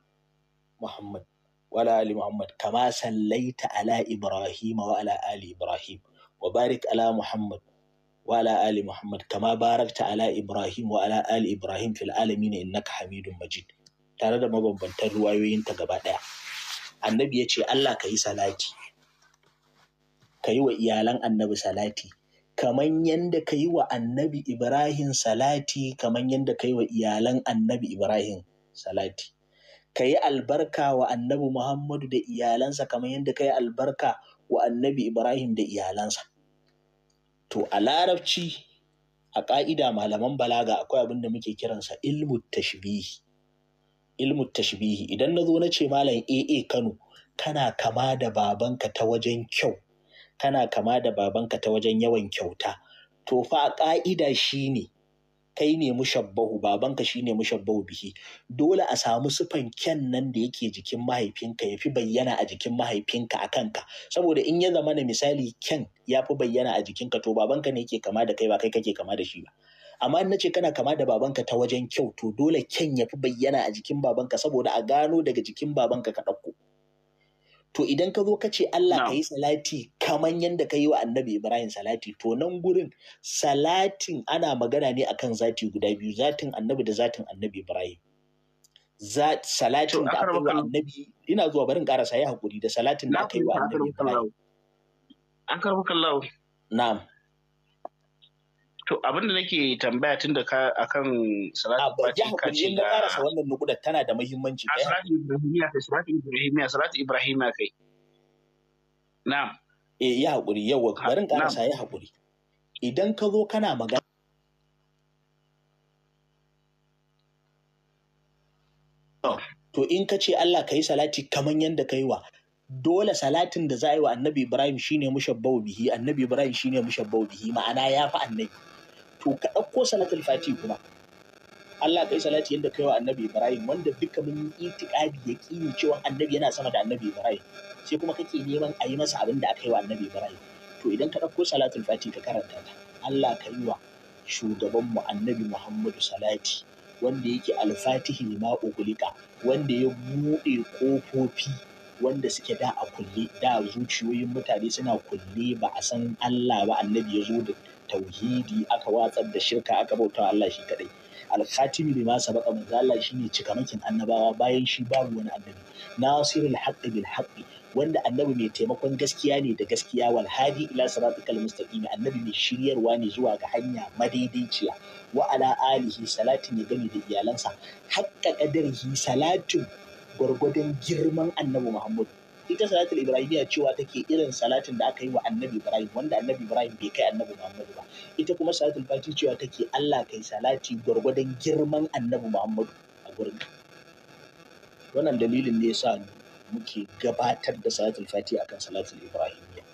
Muhammad وعلى آل محمد كما صليت Ibrahim. إبراهيم وعلى آل إبراهيم وبارك على محمد وعلى آل محمد كما باركت على إبراهيم وعلى آل إبراهيم في العالمين إنك حميد مجيد tare da mabambantan ruwayoyinta gaba ɗaya annabi ya ce Allah ka yi salati ka yi wa iyalan annabi salati kaman yadda ka yi wa annabi ibrahim salati kaman yadda ka yi wa iyalan annabi ibrahim salati ka yi albarka wa annabi muhammadu da iyalansa kaman yadda ka yi albarka wa annabi ibrahim da iyalansa to a larabci a ƙa'ida malaman balaga akwai abin da muke kiransa ilmu tashbihi ilmu tashbihi idan na zo na ce malam AA Kano kana kama da babanka ta wajen kyau kana kama da babanka ta wajen yawan kyauta to fa ƙa'ida shine kai ne mu shabbahu babanka shine shabbahu bihi dole a samu sufan kyan nan da yake jikin mahaifinka ya fi bayyana a jikin mahaifinka a kanka saboda in ya zama na misali kyan ya fi bayyana a jikinka to babanka ne yake kama da kai ba kai kake kama da shi ba amma in nace kana kama da babanka ta wajen kyau to dole kyan ya fi bayyana a jikin babanka saboda a gano daga jikin babanka ka ɗauko to idan ka zo ka ce Allah ka yi salati kaman yadda ka yi wa annabi Ibrahim salati to nan gurin salatin ana magana ne akan zati guda biyu zatin annabi da zatin annabi Ibrahim salatin da aka yi wa annabi ina zuwa barin karasa ya hakuri da salatin da aka yi wa annabi Ibrahim an karbukan kallawo. na'am To abin da nake tambaya tun da akan salatu fati ka ce da rasa wannan nukuda tana da muhimmanci a eh. salatu ya kai salatu Ibrahim salatu kai na'am eh ya yau, yawa barin ƙarasa ya haƙuri. idan ka zo kana magana to in ka ce Allah ka yi salati kamar yadda ka yi wa dole salatin da za a yi wa annabi Ibrahim shine mushabbau bihi annabi Ibrahim shine mushabbau bihi ma'ana ya fi annabi to ka ɗauko salatul fati kuma Allah kai salati yadda kai wa annabi Ibrahim wanda duka mun yi itikadi ya kini cewa annabi yana sama da annabi Ibrahim sai kuma kake neman a yi masa abin da aka yi wa annabi Ibrahim to idan ka ɗauko salatul fati ka karanta ta Allah ka yi wa shugaban mu annabi Muhammadu salati wanda yake alfatihi ma ugulika wanda ya buɗe kofofi wanda suke da a kulle da zuciyoyin mutane suna kulle ba a san Allah ba annabi ya zo da tauhidi aka watsar da shirka aka bauta Allah shi kadai al-khatim bima sabaqa manzo Allah shine cikamakin annabawa bayan shi babu wani annabi nasirul haqqi bil haqqi wanda annabi mai taimakon gaskiya ne da gaskiya wal hadi ila siratal mustaqim annabi mai shiryarwa ne zuwa ga hanya madaidaiciya wa ala alihi salatin ya gani da iyalansa haqqa qadarihi salatin gwargwadon girman annabi Muhammadu ita salatul ibrahimiyya cewa take irin salatin da aka yi wa annabi ibrahim wanda annabi ibrahim bai kai annabi muhammadu ba ita kuma salatul fati cewa take allah kai salati gwargwadon girman annabi muhammadu a gurin wannan dalilin ne yasa muke gabatar da salatul fati akan salatul ibrahimiyya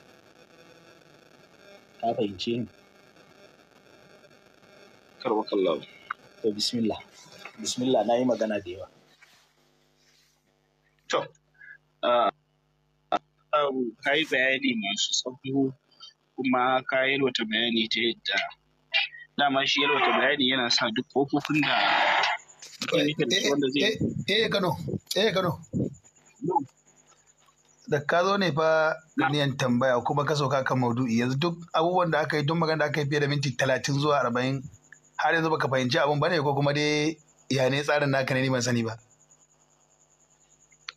ka fahimce ni karwakallahu to bismillah bismillah na yi magana da yawa to uh, ka yi bayani masu tsawo kuma ka yi yalwata bayani ta yadda dama shi yalwata bayani yana sa duk ƙofofin da eh, eh, eh Kano, eh Kano. Da ka zo ne fa ganiyan tambaya kuma ka sauka kan maudu'i yanzu duk abubuwan da aka yi duk magana da aka yi fiye da minti talatin zuwa arba'in har yanzu baka fahimci abin ba ne, ko kuma dai ya ne tsarin naka ne ban sani ba.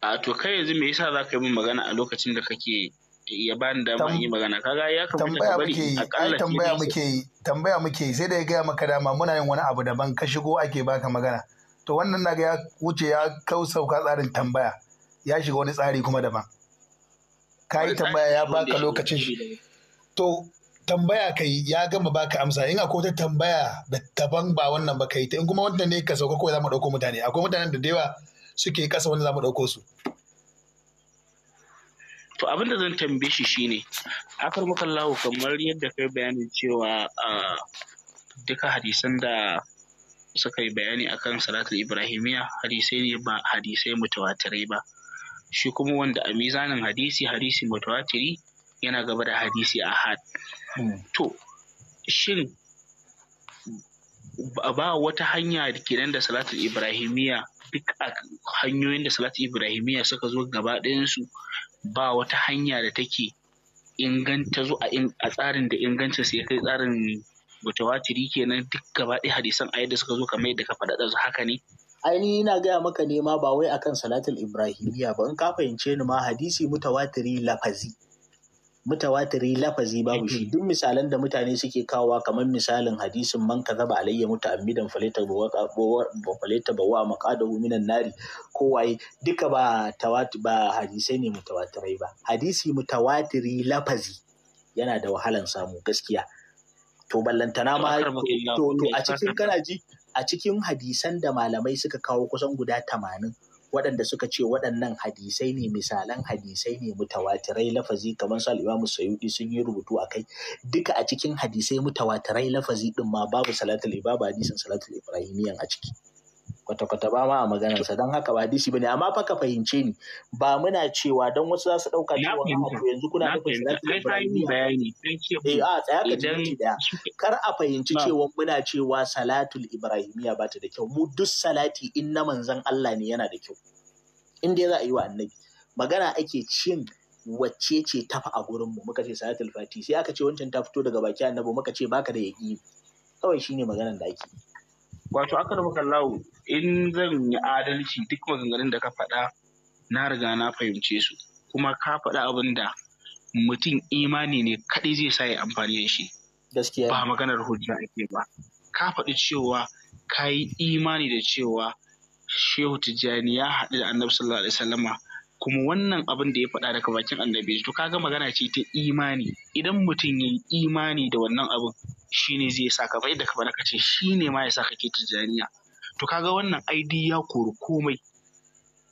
A to kai yanzu me yasa za ka yi min magana a lokacin da kake ya ba ni dama yi magana kaga ya kamata ka bari akalla tambaya muke yi tambaya muke yi sai da ya gaya maka dama muna yin wani abu daban ka shigo ake baka magana to wannan naga ya wuce ya kausauka tsarin tambaya ya shiga wani tsari kuma daban ka yi tambaya ya baka lokacin shi to tambaya kai ya gama baka amsa in akwai wata tambaya da taban ba wannan ba kai ta in kuma wannan ne ka sauka kawai za mu ɗauko mutane akwai mutanen da da yawa suke kasa wani zamu ɗauko su. To abin da zan tambaye shi shine, akar makallahu kamar yadda kai bayanin cewa duka hadisan da suka yi bayani akan salatul ibrahimiya hadisai ne ba hadisai mutawatirai ba. Shi kuma wanda a mizanin hadisi hadisi mutawatiri yana gaba da hadisi a had? Hmm. To, shin ba wata hanya kenan da salatul ibrahimiya duk a hanyoyin da salatu Ibrahimiyya suka zo gaba su ba wata hanya da take inganta zo a tsarin da ingancin ya kai tsarin mutawatiri kenan duk gaba ɗaya hadisan a yadda suka zo kamar yadda ka faɗa su haka ne ainihi yana gaya maka nema ba wai akan salatul Ibrahimiyya. ba in ka fahimce ni ma hadisi mutawatiri lafazi mutawatiri lafazi babu shi mm-hmm. duk misalan da mutane suke kawowa kamar misalin hadisin man zaba alayya muta'ammidan falita wa maqadahu minan nari waye duka ba tawati ba hadisai ne mutawatirai ba hadisi mutawatiri lafazi yana da wahalan samu gaskiya to ballantana ma to a cikin kana ji a cikin hadisan da malamai suka kawo kusan guda tamanin waɗanda suka ce waɗannan hadisai ne misalan hadisai ne mutawatirai lafazi kamar su al sayudi sun yi rubutu a kai duka a cikin hadisai mutawatirai lafazi din ma babu salatul babu hadisin salatul ibrahimiyan a ciki kwata-kwata ba ma a maganarsa don haka ba disi bane amma fa ka fahimce ni ba muna cewa don wasu za su ɗauka wa to yanzu kuna da nufin zaki ibrahimiya eh a tsaya ka ni daya kar a fahimci cewa muna cewa salatul ibrahimiya ba ta da kyau mu duk salati in na manzan Allah ne yana da kyau in dai za a yi wa annabi magana ake cin wacce ce tafi a gurinmu muka ce salatul fati sai aka ce wancan ta fito daga baki annabi muka ce baka da yaƙi kawai shine maganar da ake yi wato aka maka lau in zan yi adalci duk maganganun da ka faɗa na riga na fahimce su kuma ka faɗa abin da mutum imani ne kaɗai zai sa ya amfani da shi gaskiya ba maganar hujja ake ba ka faɗi cewa ka yi imani da cewa shehu tijjani ya haɗu da annabi sallallahu alaihi wasallama kuma wannan abin da ya faɗa daga bakin annabi to kaga magana ce ta imani idan mutum ya yi imani da wannan abin Shi ne zai sa ka kamar ka ce shi ne ma ka kake tijjaniya to kaga wannan ID ya kori komai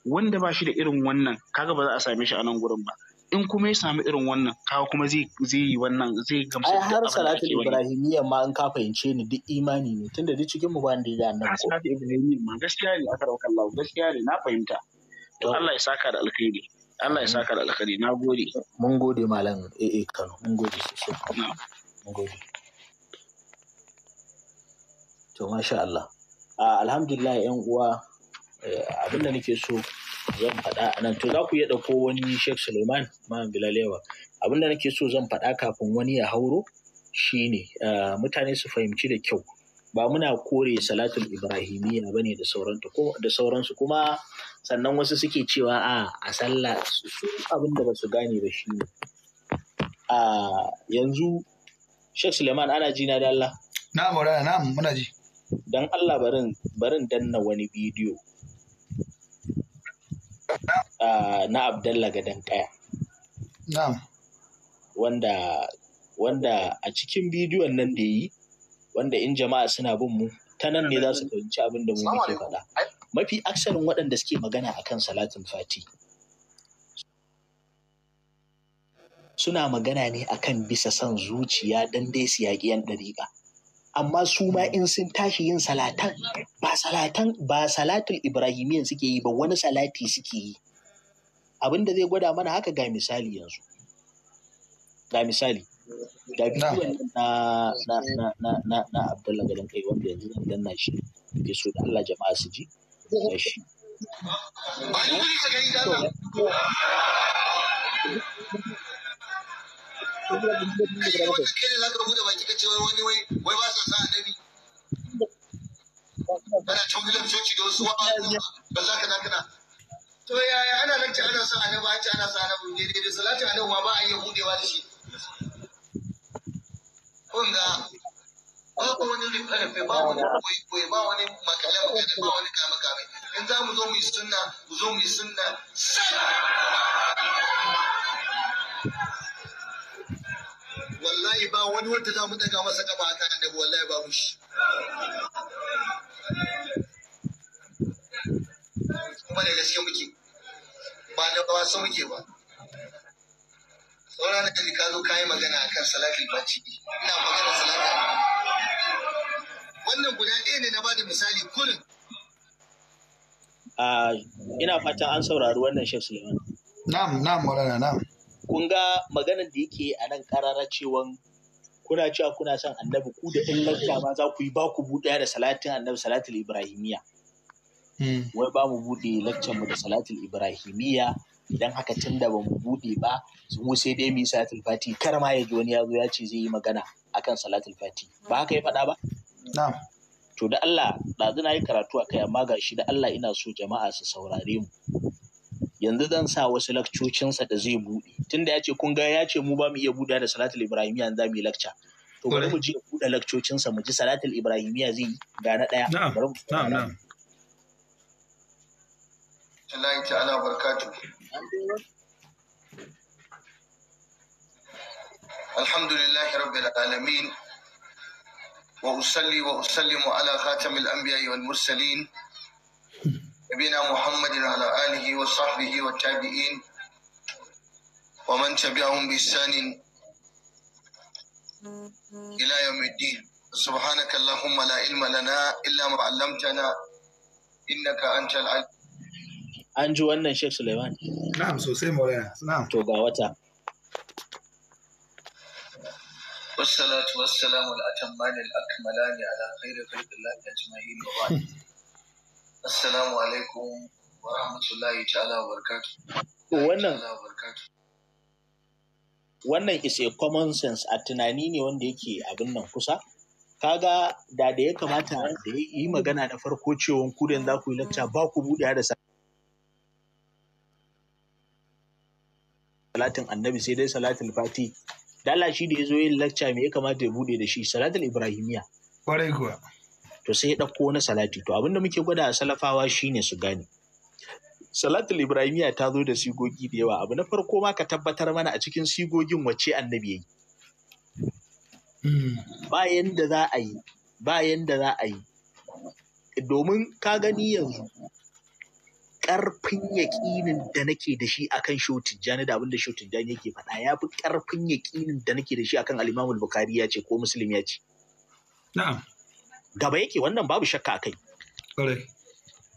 wanda ba shi da irin wannan kaga ba za a same shi a nan gurin ba in kuma ya samu irin wannan kawo kuma zai yi wannan zai gamsu da har salatu ibrahimiyya ma in ka fahimce ni duk imani ne tunda duk cikin mu ba ni da nan ko salatu ibrahimiyya ma gaskiya ne akar wakan Allah gaskiya ne na fahimta to Allah ya saka da alkhairi Allah ya saka da alkhairi na gode mun gode malam eh eh Kano mun gode sosai mun gode To masha Allah. Alhamdulillah ‘yan uwa eh, abin da nake so zan faɗa nan to za ku iya ɗauko wani Sheikh Suleiman Malam Bilalewa Abin da nake so zan faɗa kafin wani ya hauro shine eh, mutane su fahimci da kyau. ba muna kore salatul ibrahimiyya ba ne da sauransu kuma sannan wasu suke cewa a a sallah su abin da ba su gane ba shi ne a yanzu Sheikh Suleiman ana ji na da Allah na murana na muna ji don Allah barin barin danna wani bidiyo ah, na Abdalla Gadan Kaya. Wanda wanda a cikin bidiyon nan da yi wanda in jama'a suna bin mu ta nan ne za su fahimci abin da mu ke faɗa. Mafi aksarin waɗanda suke magana akan salatin fati. Suna magana ne akan bisa son zuciya dan dai su yaƙi yan ɗariƙa. amma su ma mm. in sun tashi yin salatan ba salatan ba salatul ibrahimiyan suke yi ba wani salati suke yi abin da zai gwada mana haka ga misali yanzu ga misali ga na na na na na kai wanda yanzu zan danna shi ke so da Allah jama'a su ji shi Thank you. kai ne za ka buɗe baki ka ce wani wai ba sa sa annabi kana can wulan coci da wasu wa'azi ba za ka na kana to yaya ana nan ce ana sa annabi an ce ana sa annabi ne daidai salatu annabi ma ba a iya buɗewa da shi kun ga babu wani rufe ba wani koyi ba wani makale makale ba wani kame kame in za mu zo mu yi sunna mu zo mu yi sunna wallahi ba wani wanda za mu daga masa kafa a kan annabi wallahi ba mu shi kuma da gaske muke ba da ba so muke ba sauran da ka zo kayi magana akan ba ci ina magana salafi wannan guda ɗaya ne na bada misali kullum ah, ina fatan an saurari wannan Sheikh Suleiman. Na'am, na'am, Maulana, na'am. kun ga maganar da yake a nan karara cewan kuna cewa kuna son annabi ku da in lakta ma za ku yi ba ku buɗe da salatin annabi salatul ibrahimiya hmm. wai ba mu buɗe laccan mu da salatul Ibrahimiyya idan haka tun da ba mu buɗe ba mu sai dai mu yi salatul fati kar ma ya ji wani ya zo ya ce zai yi magana akan salatul fati ba haka ya faɗa ba na'am to da Allah ɗazu na yi karatu a kai amma ga shi da Allah ina so jama'a su saurare mu yanzu zan sa wasu lakcocin sa da zai bude tunda yace kun ga yace mu ba mu iya buda da salatul ibrahimiya za mu yi lakca to bari mu je lakcocin sa mu ji salatul ibrahimiya zai yi ga na daya bari mu na'am na'am Allah ta'ala barkatu الحمد لله رب العالمين وأصلي وأسلم على خاتم الأنبياء والمرسلين نبينا محمد على آله وصحبه والتابعين ومن تبعهم بإحسان إلى يوم الدين سبحانك اللهم لا علم لنا إلا ما علمتنا إنك أنت العليم أنجو أن wannan Sheikh Suleiman. Na'am sosai نعم Na'am. To ga wata. والصلاة والسلام الأتمان الأكملان على خير خلق الله أجمعين وبعد Assalamu alaikum wa rahmatullahi ta'ala wa Wannan Wannan is a common sense a tunani ne wanda yake abin nan kusa. Kaga da da ya kamata da ya yi magana na farko cewa ku da za ku yi lacca ba ku buɗe da salatin annabi sai dai salatin fati. Dala shi da ya zo yin lacca me ya kamata ya buɗe da shi salatin ibrahimiya. Kwarai kuwa. to sai ya ɗauko wani salati to abinda muke gwada a salafawa shine su gane salatul ibrahimiya ta zo da sigogi da yawa abu na farko ma ka tabbatar mana a cikin sigogin wacce annabi yayi ba da za a yi ba yanda za a yi domin ka gani yanzu ƙarfin yaƙinin da nake da shi akan shotin Tijjani da abin da Shehu yake faɗa ya fi ƙarfin yaƙinin da nake da shi akan Alimamul bukari ya ce ko Muslim ya ce. Na'am. gaba yake wannan babu shakka akai. kai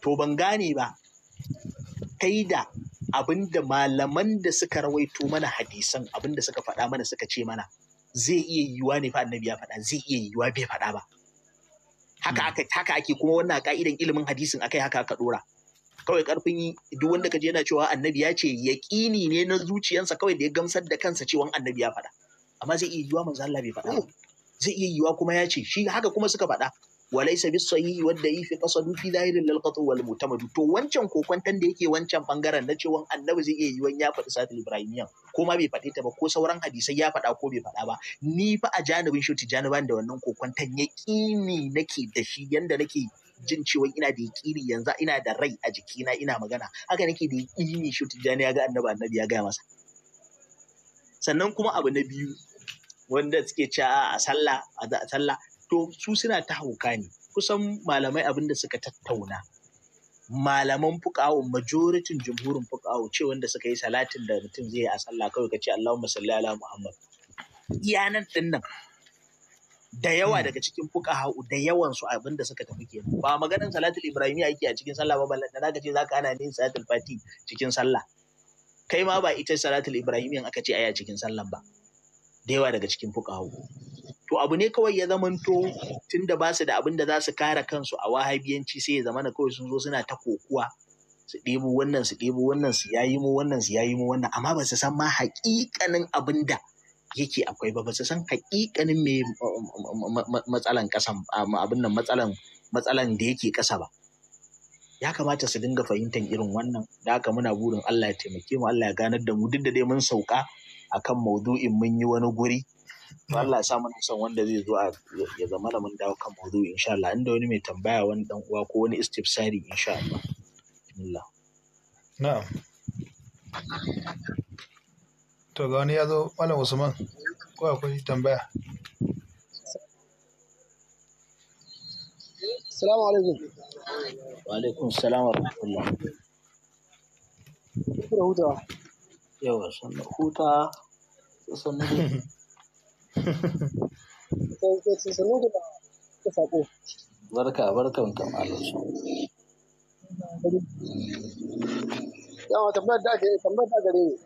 to ban gane ba kai da abin da malaman da suka rawaito mana hadisan abin da suka faɗa mana suka ce mana zai iya yiwuwa ne fa annabi ya faɗa zai iya yiwuwa bai faɗa ba haka hmm. haka ake kuma wannan ka'idan ilimin hadisin akai haka aka dora kawai karfin duk wanda kaje yana cewa annabi ya ce yaƙini ne na zuciyansa kawai da ya gamsar da kansa cewa annabi ya faɗa amma zai iya yiwuwa manzo Allah bai faɗa oh. zai iya yiwa kuma ya ce shi haka kuma suka faɗa Walai sabi sahihi wadda yi fi kasa fi zahirin lil wal mu'tamadu to wancan kokwantan da yake wancan bangaren na cewa annabi zai iya yiwan ya faɗi satul ibrahimiyan ko ma bai faɗi ta ba ko sauran hadisai ya faɗa ko bai faɗa ba ni fa a janibin shi tijaniban da wannan kokwantan kini nake da shi yanda nake jin cewa ina da yaƙini yanzu ina da rai a jikina ina magana haka nake da yaƙini shi tijjani ya ga annabi annabi ya gaya masa sannan kuma abu na biyu wanda suke cewa a sallah a sallah to su suna ta hauka ne kusan malamai abin da suka tattauna malaman fuqa'u majoritin jumhurin fuqa'u ce wanda suka yi salatin da mutum zai yi a sallah kawai ka ce Allahumma salli ala Muhammad iyanan din nan da yawa daga cikin fuqa'u da yawan su abin da suka tafi kenan ba maganar salatul ibrahimi yake a cikin sallah ba balla da ka ce zaka ana ne salatul fati cikin sallah kai ma ba ita salatul ibrahimi aka ce ayi a cikin sallah ba da yawa daga cikin fuqahu to abu ne kawai ya zamanto tunda ba su da abin da za su kare kansu a wahabiyanci sai ya zama zamana kawai sun zo suna ta kokuwa su ɗebo wannan su ɗebo wannan su yayi mu wannan su yayi mu wannan amma ba su san ma haƙiƙanin abin da yake akwai ba ba su san haƙiƙanin me matsalan ƙasan abin nan matsalan matsalan da yake ƙasa ba ya kamata su dinga fahimtar irin wannan da haka muna burin Allah ya taimake mu Allah ya ganar da mu duk da dai mun sauka akan maudu'in mun yi wani guri to hmm. Allah ya sa son wanda zai zo ya zama da mun dawo kan maudu'i insha Allah inda wani mai tambaya wani dan uwa ko wani istifsari insha Allah bismillah na'am to ga wani ya zo malam Usman ko akwai tambaya Assalamu alaikum. Wa alaikum salam wa rahmatullah. Kuka da hutawa. Yawa, sannan huta sannu da sannu da ta saƙo barka barkan kamalu yawa tambayar da ake tambayar da gare ne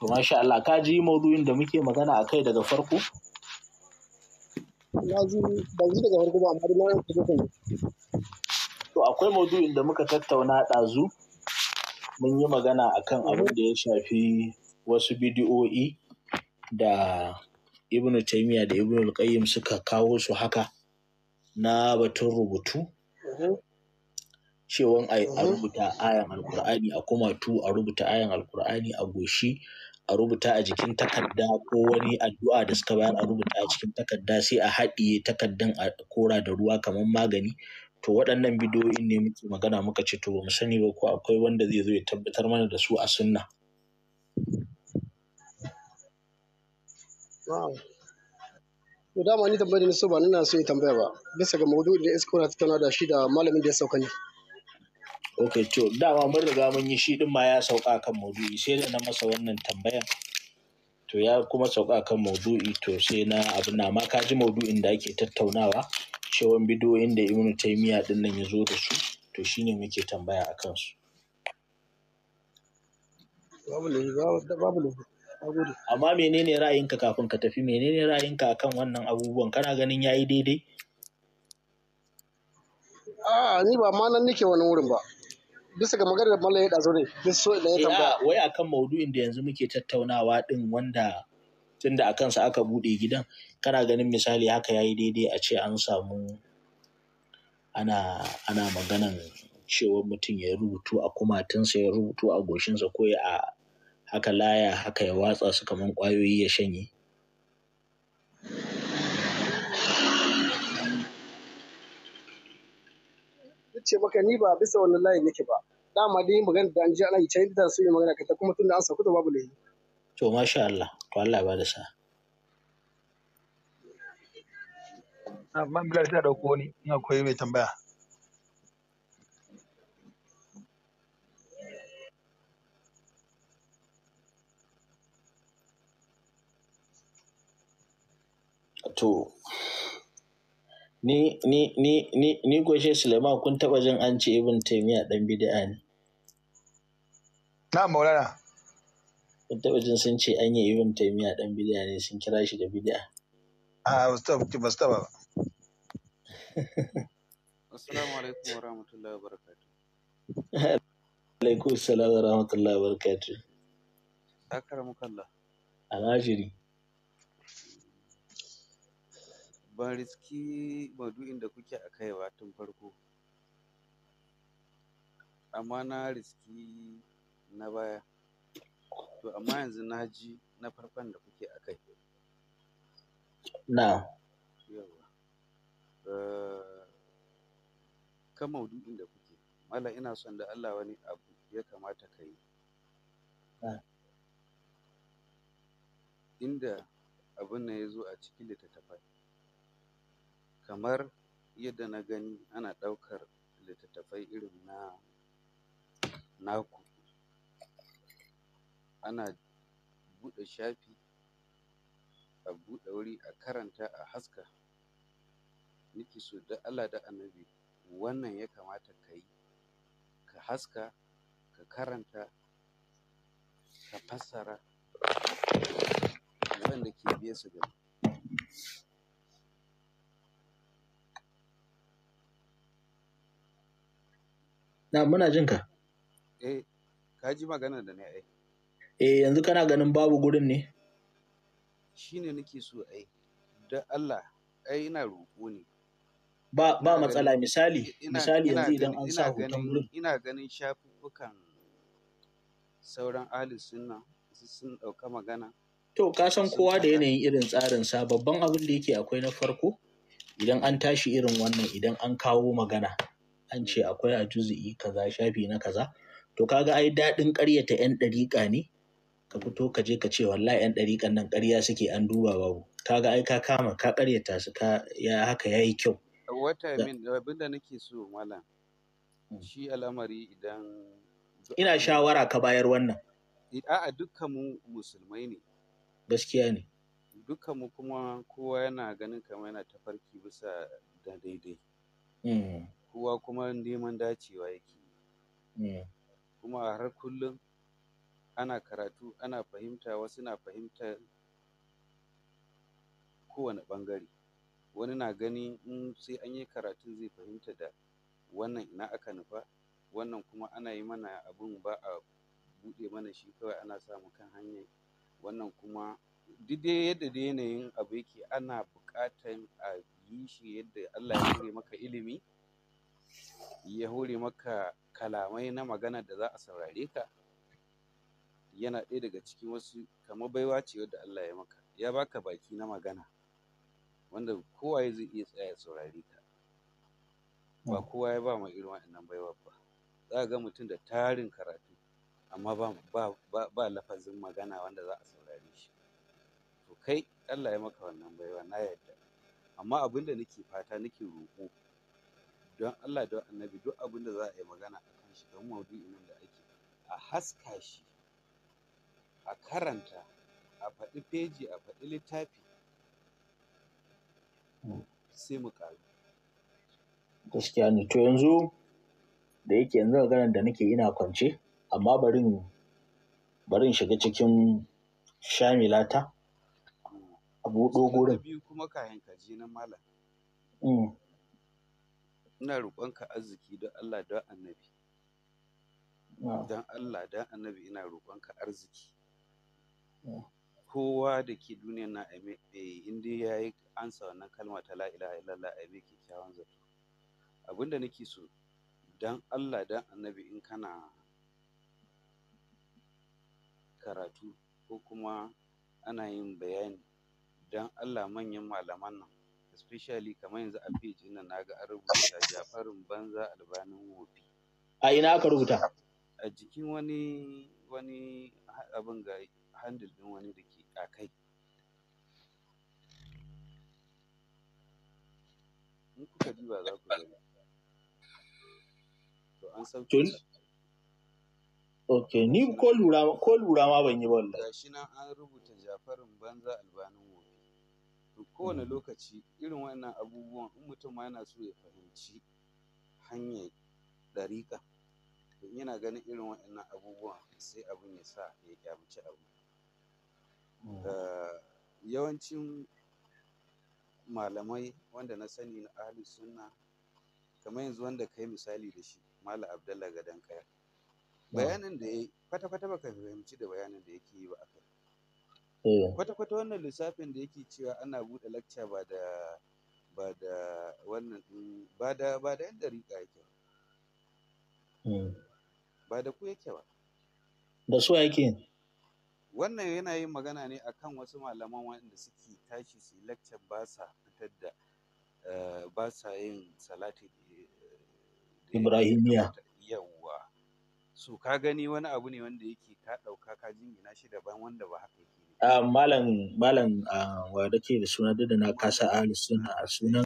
to masha Allah ka ji maudu'in da muke magana a kai daga farko na ji ban ji daga farko ba amma dai na ji to akwai maudu'in da muka tattauna ɗazu mun yi magana akan abin da ya shafi wasu bidiyo'i da Ibn Taymiyyah da Ibn al suka kawo su haka na batun rubutu mhm. cewan mhm. a rubuta ayan alkur'ani a kumatu a rubuta ayan alkur'ani a goshi a rubuta a jikin takarda ko wani addu'a da suka bayar a rubuta a cikin takarda sai a haɗiye takardan a kora da ruwa kamar magani to waɗannan bidiyoyin ne muke magana muka ce to bamu sani ba ko akwai wanda zai zo ya tabbatar mana da su a sunna Na'am. To dama ni tambayar da na so ba na so yi tambaya ba. Bisa ga mawudu da iskon ta tana da shi da malamin da ya sauka ni. Ok, to dama mun riga mun yi shi din ma ya sauka kan maudu'i sai da na masa wannan tambayan. To ya kuma sauka kan maudu'i to sai na abu na ma ka ji maudu'in da ake tattaunawa cewan bidiyoyin da ibnu taymiya din nan ya zo da su to shine muke tambaya a kansu. Babu laifi, babu amma menene ra'ayinka kafin ka tafi menene ra'ayinka akan wannan abubuwan kana ganin ya yi daidai ah ni ba ma nan nike wani wurin ba bisa ga maganar mallan ya dazo ne so da ya eh, tambaya ah, wai akan maudu'in da yanzu muke tattaunawa din wanda tunda akan sa aka bude gidan kana ganin misali haka yayi daidai a ce an samu ana ana maganan cewa mutum ya rubutu a kumatinsa ya rubutu a goshinsa ko a aka laya haka ya watsa su kamar ƙwayoyi ya shanye ce maka ni ba bisa wannan layin nake ba dama dai magana da an ji ana can da su yi magana kai ta kuma tun da an sauku da babu laifi to masha Allah to Allah ba da sa amma bila ta dauko ni ina koyi mai tambaya to ni ni ni ni ni goshe Suleiman kun taba jin an ce Ibn taymiya dan bid'a ne na Maulana kun taba jin sun ce an yi Ibn taymiya dan bid'a ne sun kira shi da bid'a a Mustafa ki ba Assalamu alaikum wa rahmatullahi wa barakatuh Alaikum salam wa rahmatullahi wa barakatuh kallah Alhajiri ban riski maudu'in da kuke a kai ba tun farko amma na riski na baya to amma yanzu na ji na farkon da kuke a kai na yawa eh, kan maudu'in da kuke mala ina son da Allah wani abu ya kamata ka yi inda abin nan ya zo a cikin littattafai kamar yadda na gani ana ɗaukar littattafai irin na naku ana buɗe shafi a buɗe wuri a karanta a haska nake so don Allah da Annabi wannan ya kamata ka yi ka haska ka karanta ka fassara waɗanda ke biye su gani na muna jin ka eh ka ji magana da ni ai eh yanzu kana ganin babu gurin ne shine nake so ai da Allah ai ina roƙo ne ba ba matsala misali misali yanzu idan an sa hoton gurin ina ganin shafukan sauran ahli sunna su sun dauka magana to ka san kowa da yanayin irin tsarin sa babban abin da yake akwai na farko idan an tashi irin wannan idan an kawo magana an ce akwai a juzu'i kaza shafi na kaza to kaga ai daɗin ƙaryata 'yan ɗariƙa ne ka fito ka je ka ce wallahi 'yan ɗariƙan nan ƙarya suke an duba babu kaga ai ka kama ka ƙaryata su ka ya haka yayi kyau wata min abinda nake so mallam mm. shi al'amari idan ina shawara ka bayar wannan a'a dukkan mu musulmai ne gaskiya ne dukkan mu kuma kowa yana ganin kamar yana tafarki bisa da daidai mm. kowa kuma neman dacewa yake yi kuma har kullum ana karatu ana fahimta wasu na fahimta kowane ɓangare wani na gani in sai an yi karatun zai fahimta da wannan ina aka nufa wannan kuma ana yi mana abun ba a buɗe mana shi kawai ana sa mu kan hanya wannan kuma duk dai yadda dai yanayin abu yake ana buƙatan a yi shi yadda Allah ya cire maka ilimi ya hore maka kalamai na magana da za a saurare ka yana ɗaya daga cikin wasu kamar baiwa ce wadda Allah ya maka ya baka baki na magana wanda ya zai iya tsaya ya saurare ka ba mm. kowa ya ba ma irin waɗannan baiwa ba za ga mutum da tarin karatu amma ba, ba, lafazin magana wanda za a saurare shi to kai Allah ya maka wannan baiwa na yarda. amma abin da nake fata nake roƙo don Allah da annabi duk abin da za a yi magana a kan shi don maudu'in nan da ake a haska shi a karanta a faɗi feji a faɗi littafi sai mu ƙaru gaskiya ne to yanzu da yake yanzu ganin da nake ina kwance amma barin barin shiga cikin shamilata a buɗo gurin kuma kayan kaji na malam mm. ina roƙonka arziki don Allah don annabi don Allah don annabi ina roƙonka arziki kowa da ke duniya na eh, inda ya yi ansa wannan kalma ta la'ila a ilala a mai kyakkyawan zato abinda nake so don Allah don annabi in kana karatu ko kuma ana yin bayani don Allah manyan malaman nan especially kamar yanzu a page ina na ga an rubuta jafarin banza albanin wofi a ina aka rubuta a jikin wani wani abin ga handle din wani da ke a kai in kuka duba za ku gani to an sauke Ok, ni ko lura ma ban yi ba wallahi. Gashi nan an rubuta jafarin banza albanin wofi. kowane mm. lokaci irin wannan abubuwan in mutum ma yana so ya fahimci hanyar ɗariƙa to yana ganin irin wannan abubuwan sai abin ya sa ya ƙyamaci abu mm. eh, yawancin malamai wanda na sani na ahli sunna kamar yanzu wanda kai misali da shi malam abdallah gadon kaya mm. bayanin da ya kwata fata ba baka fahimci da bayanin da yake yi ba akai Eh. kwata-kwata wannan lissafin da yake cewa ana buɗe lacca ba da ba da wannan ɗin ba da ba da yan dariƙa yake ba hmm. da ku yake ba da su yake wannan yana yin magana ne akan wasu malaman waɗanda suke tashi su lacca ba sa fitar da eh, ba sa yin salati eh, ibrahimiya yawwa su ka gani wani abu ne wanda yake ka ɗauka ka jingina shi daban wanda ba haka yake malam malam wa ke da suna da na kasa a suna, a sunan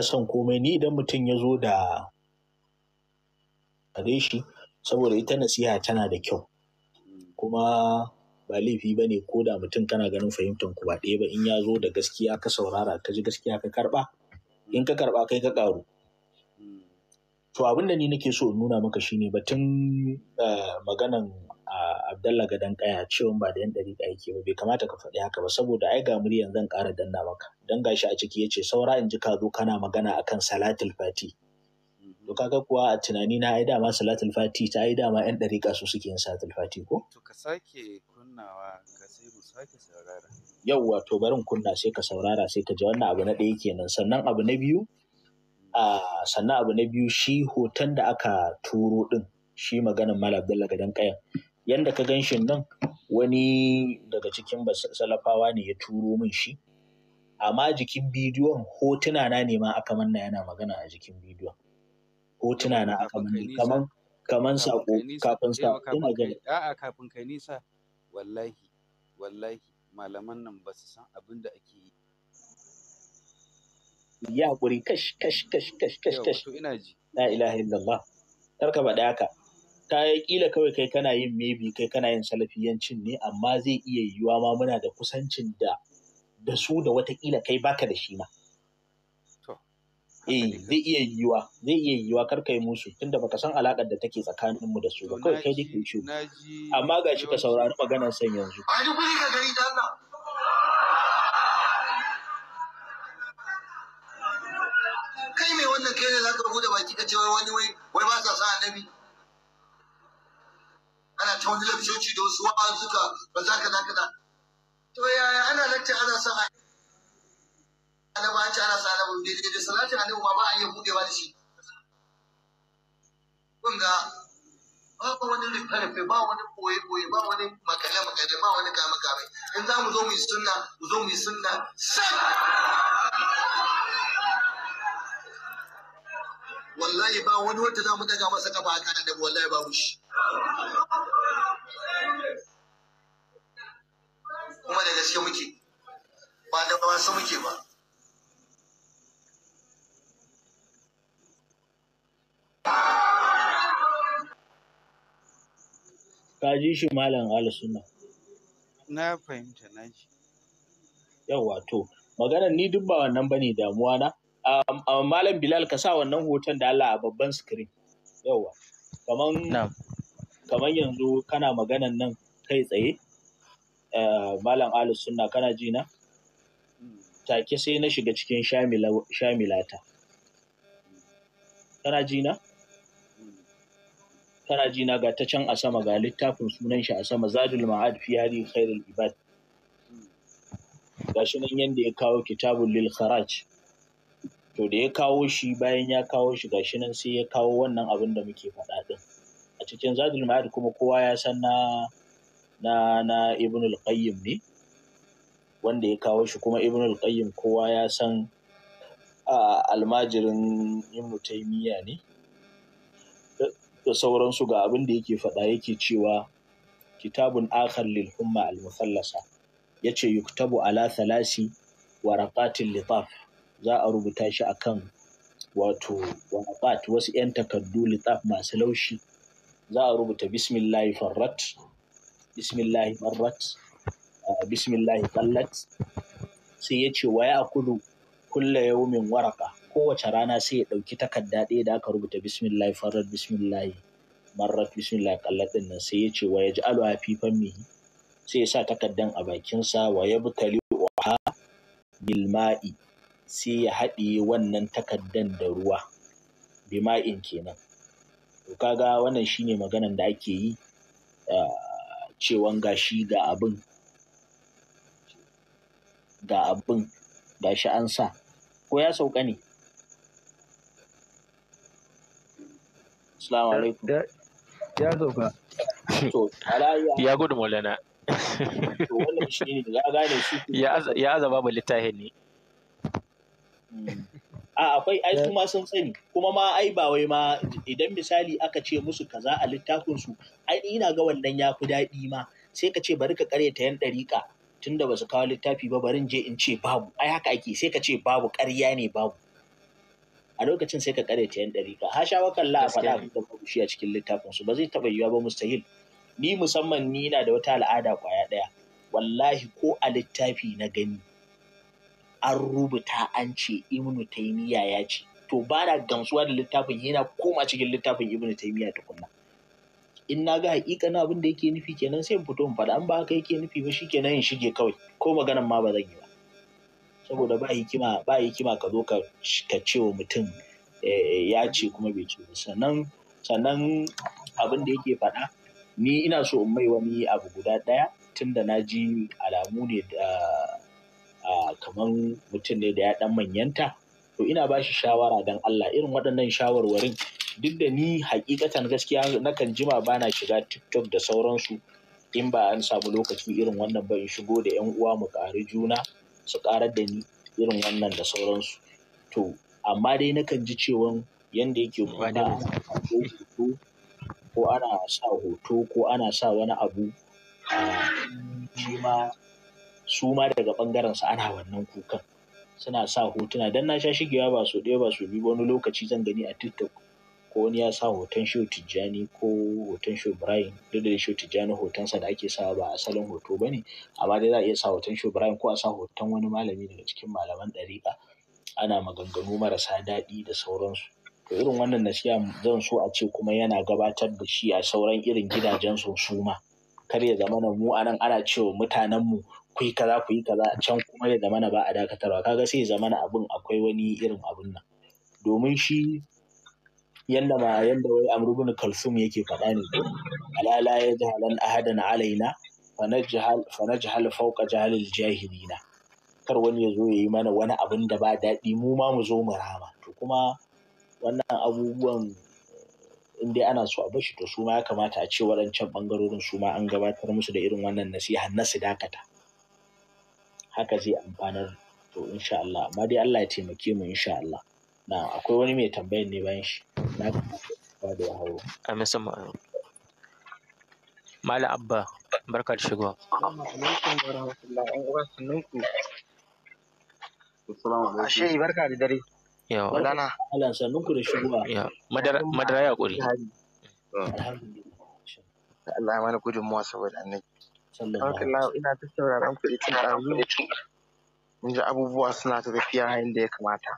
son komai ni idan mutum ya zo da a shi saboda ita nasiha tana da kyau kuma ba laifi ba ne ko da mutum kana ganin fahimtar ku ba ɗaya ba in ya zo da gaskiya ka saurara ka ji gaskiya ka karɓa in ka karɓa kai ka ƙaru to abin da ni nake so in nuna maka shine batun eh, maganan Abdalla Gadan Kaya cewa ba da yan dariƙa yake ba bai kamata ka faɗi haka ba saboda ai ga muryan zan ƙara danna maka dan gashi a ciki yace saura in ji ka zo kana magana akan Salatul Fati mm-hmm. to kaga kuwa a tunani na ai dama Salatul Fati ta ai dama yan dariƙa su suke yin Salatul Fati ko to ka sake kunnawa ka sai mu sake saurara yawwa to barin kunna sai ka saurara sai ka ji wannan abu na ɗaya kenan sannan abu na biyu a sannan abu na biyu shi hoton da aka turo din shi maganin Malam Abdullahi Gadan Kayan yanda ka gan shi nan wani daga cikin salafawa ne ya turo min shi amma jikin bidiyon hotuna na ne ma aka manna yana magana a jikin bidiyon hotuna na aka manna kaman kaman sako kafin sa ina gani a'a kafin kai nisa wallahi wallahi malaman nan ba su san abin da ake yi ya kuri kash kash kash kash kash kash ina ji la ilaha illallah kar ka da haka ta kila kawai kai kana yin maybe kai kana yin salafiyancin ne amma zai iya yiwuwa ma muna da kusancin da da su da watakila kai baka da shi ma. Eh zai iya yiwuwa zai iya yiwuwa kar kai musu tunda baka san alakar da take tsakanin mu da su ba kawai kai dake shi amma gashi ka saurari maganar san yanzu. Wani guri ka gari da Allah. Kai mai wannan kai ne zaka rubuta baki ka ce wani wai wai ba sa sa annabi. ana ta wani lakcoci da wasu wa'azuka ba za ka za to yaya ana lakta ana sa a annabi an ci ana sa annabi daidai da salatin annabi ma ba a iya ba da shi kun ga ba wani rufe-rufe ba wani koye-koye ba wani makale-makale ba wani kame-kame in za mu zo mu yi sunna mu zo mu yi sunna sai wallahi ba wani wanda za mu daga masa kafa a kanan da wallahi ba mushi kuma da gaske muke ba da wasu muke ba ka ji shi malam suna. na fahimta na ji yawa to maganar ni duk ba wannan bane damuwa na malam bilal ka sa wannan hoton da Allah a babban screen yawa kaman kaman yanzu kana maganan nan kai tsaye Eh, malam ali sunna kana ji na take sai na shiga cikin shamilata kana ji na kana ji na ga ta can a sama ga littafin sunan shi a sama zadul ma'ad fi hadi khairul ibad Ga yadda yanda ya kawo kitabul lil kharaj to da ya kawo shi bayan ya kawo shi gashinan nan sai ya kawo wannan abin da muke faɗa din a cikin zadul ma'ad kuma kowa ya san na na na ibn qayyim ne wanda ya kawo shi kuma ibn qayyim kowa ya san almajirin ibn taymiya ne da sauransu ga abin da yake faɗa yake cewa kitabun akhar lil umma al musallasa yace yuktabu ala thalasi waraqatil litaf za a rubuta shi akan wato waraqat wasu yan takaddu litaf masu laushi za a rubuta bismillahi farrat bismillahi marrat ah, bismillahi sai ya ce wa ya akudu kulla yaumin waraka kowace rana sai ya ɗauki takarda ɗaya da aka rubuta bismillahi farrat bismillahi marrat bismillahi qallat din nan sai ya ce waya ji alwa fifan sai ya sa takardan a bakinsa waya ya wa bilma'i sai ya haɗiye wannan takardan da ruwa bima'in kenan to kaga wannan shine maganan da ake yi ah, cewan ga shi ga abin ga abin ga shi an sa ko ya sauka ne Assalamu alaikum ya sauka to ya gudu maulana ya azaba babu littafin ne hmm. a akwai ai kuma eh. sun sani kuma ma ai ba wai ma idan misali aka ce musu kaza a littafin su ai ina ga wannan ya fi daɗi ma sai ka ce bari ka karyata yan ɗariƙa tunda ba su kawo littafi ba barin je in ce babu ai haka ake sai ka ce babu ƙarya ne babu a lokacin sai ka karyata yan ɗariƙa ha sha wakan la a faɗa abin da babu shi a cikin littafin su ba zai taɓa yiwuwa ba mustahil ni musamman ni ina da wata al'ada kwaya ɗaya wallahi ko a littafi na gani an rubuta an ce ibnu taymiya ya ce to ba da gamsuwa da littafin yana koma cikin littafin ibnu taymiya tukunna in na ga haƙiƙa na abin da yake nufi kenan sai in fito in faɗa an ba haka yake nufi ba shikenan in shige kawai ko maganan ma ba zan yi ba saboda ba hikima ba hikima ka zo ka ce wa mutum eh, ya ce kuma bai ce sannan sannan abin da yake faɗa ni ina so in mai wani abu guda ɗaya tunda na ji alamu ne da kamar mutum ne da ya ɗan manyanta to ina ba shi shawara dan Allah irin waɗannan shawarwarin duk da ni hakikatan gaskiya nakan jima bana shiga TikTok da sauransu in ba an samu lokaci irin wannan ba in shigo da 'yan uwa mu ƙari juna su ƙarar da ni irin wannan da sauransu to amma dai nakan ji cewan yanda yake kuka ko ana sa hoto ko ana sa wani abu ah, shi ma su ma daga ɓangaren su ana wannan kukan suna sa hotuna dan na sha shigewa ba su ɗaya ba su biyu wani lokaci zan gani a tiktok ko wani ya sa hoton shi tijjani ko hoton shi brian duk da shi tijjani hoton sa da ake sawa ba asalin hoto ba ne amma dai za a iya sa hoton shi brian ko a sa hoton wani malami daga cikin malaman ɗariƙa ana maganganu marasa daɗi da sauransu to irin wannan na nasiha zan so a ce kuma yana gabatar da shi a sauran irin gidajen su suma kar ya zama mu anan ana cewa mu. ku yi kaza ku yi kaza can kuma ya zamana ba a dakatarwa kaga sai ya zamana abin akwai wani irin abun nan domin shi yanda ma yanda wai amru bin kalsum yake faɗa ne ala la yajhalan ahadan alaina fa najhal fa najhal fawqa jahalil jahilina kar wani ya zo ya yi mana wani abin da ba daɗi mu ma mu zo mu rama to kuma wannan abubuwan in dai ana so a bashi to su ma ya kamata a ce waɗancan ɓangarorin su ma an gabatar musu da irin wannan nasiha na su dakata haka zai amfanar to insha Allah amma dai Allah ya taimake mu insha Allah na akwai wani mai tambayar ne bayan shi na ba da hawo amin sama mala Abba barka da shigo Ashe barka da dare yawa Allah da madara ya kuri alhamdulillah ah. Allah saboda annabi sallallahu ina ta sauraron ku ɗazu in ji abubuwa suna ta tafiya yadda ya kamata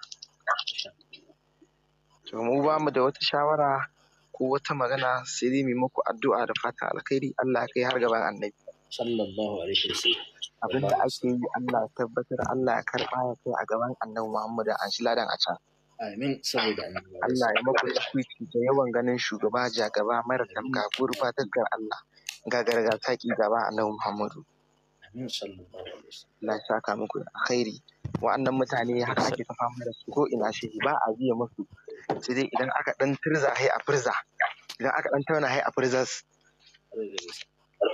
to mu ba mu da wata shawara ko wata magana sai dai mu muku addu'a da fatan alkhairi Allah kai har gaban annabi sallallahu alaihi wasallam abin da ake yi Allah tabbatar Allah ya karɓa ya kai a gaban annabi Muhammad an shi ladan a can Amin saboda Allah ya maku da yawan ganin shugaba jagaba mara tamka gurbatar Allah. ga gargasaki gaba annabi Muhammadu Allah ya saka muku a alkhairi wa'annan mutane haka ake ta fama da su ko ina shi ba a biya musu sai dai idan aka dan turza hai a furza idan aka dan tauna hai a furza.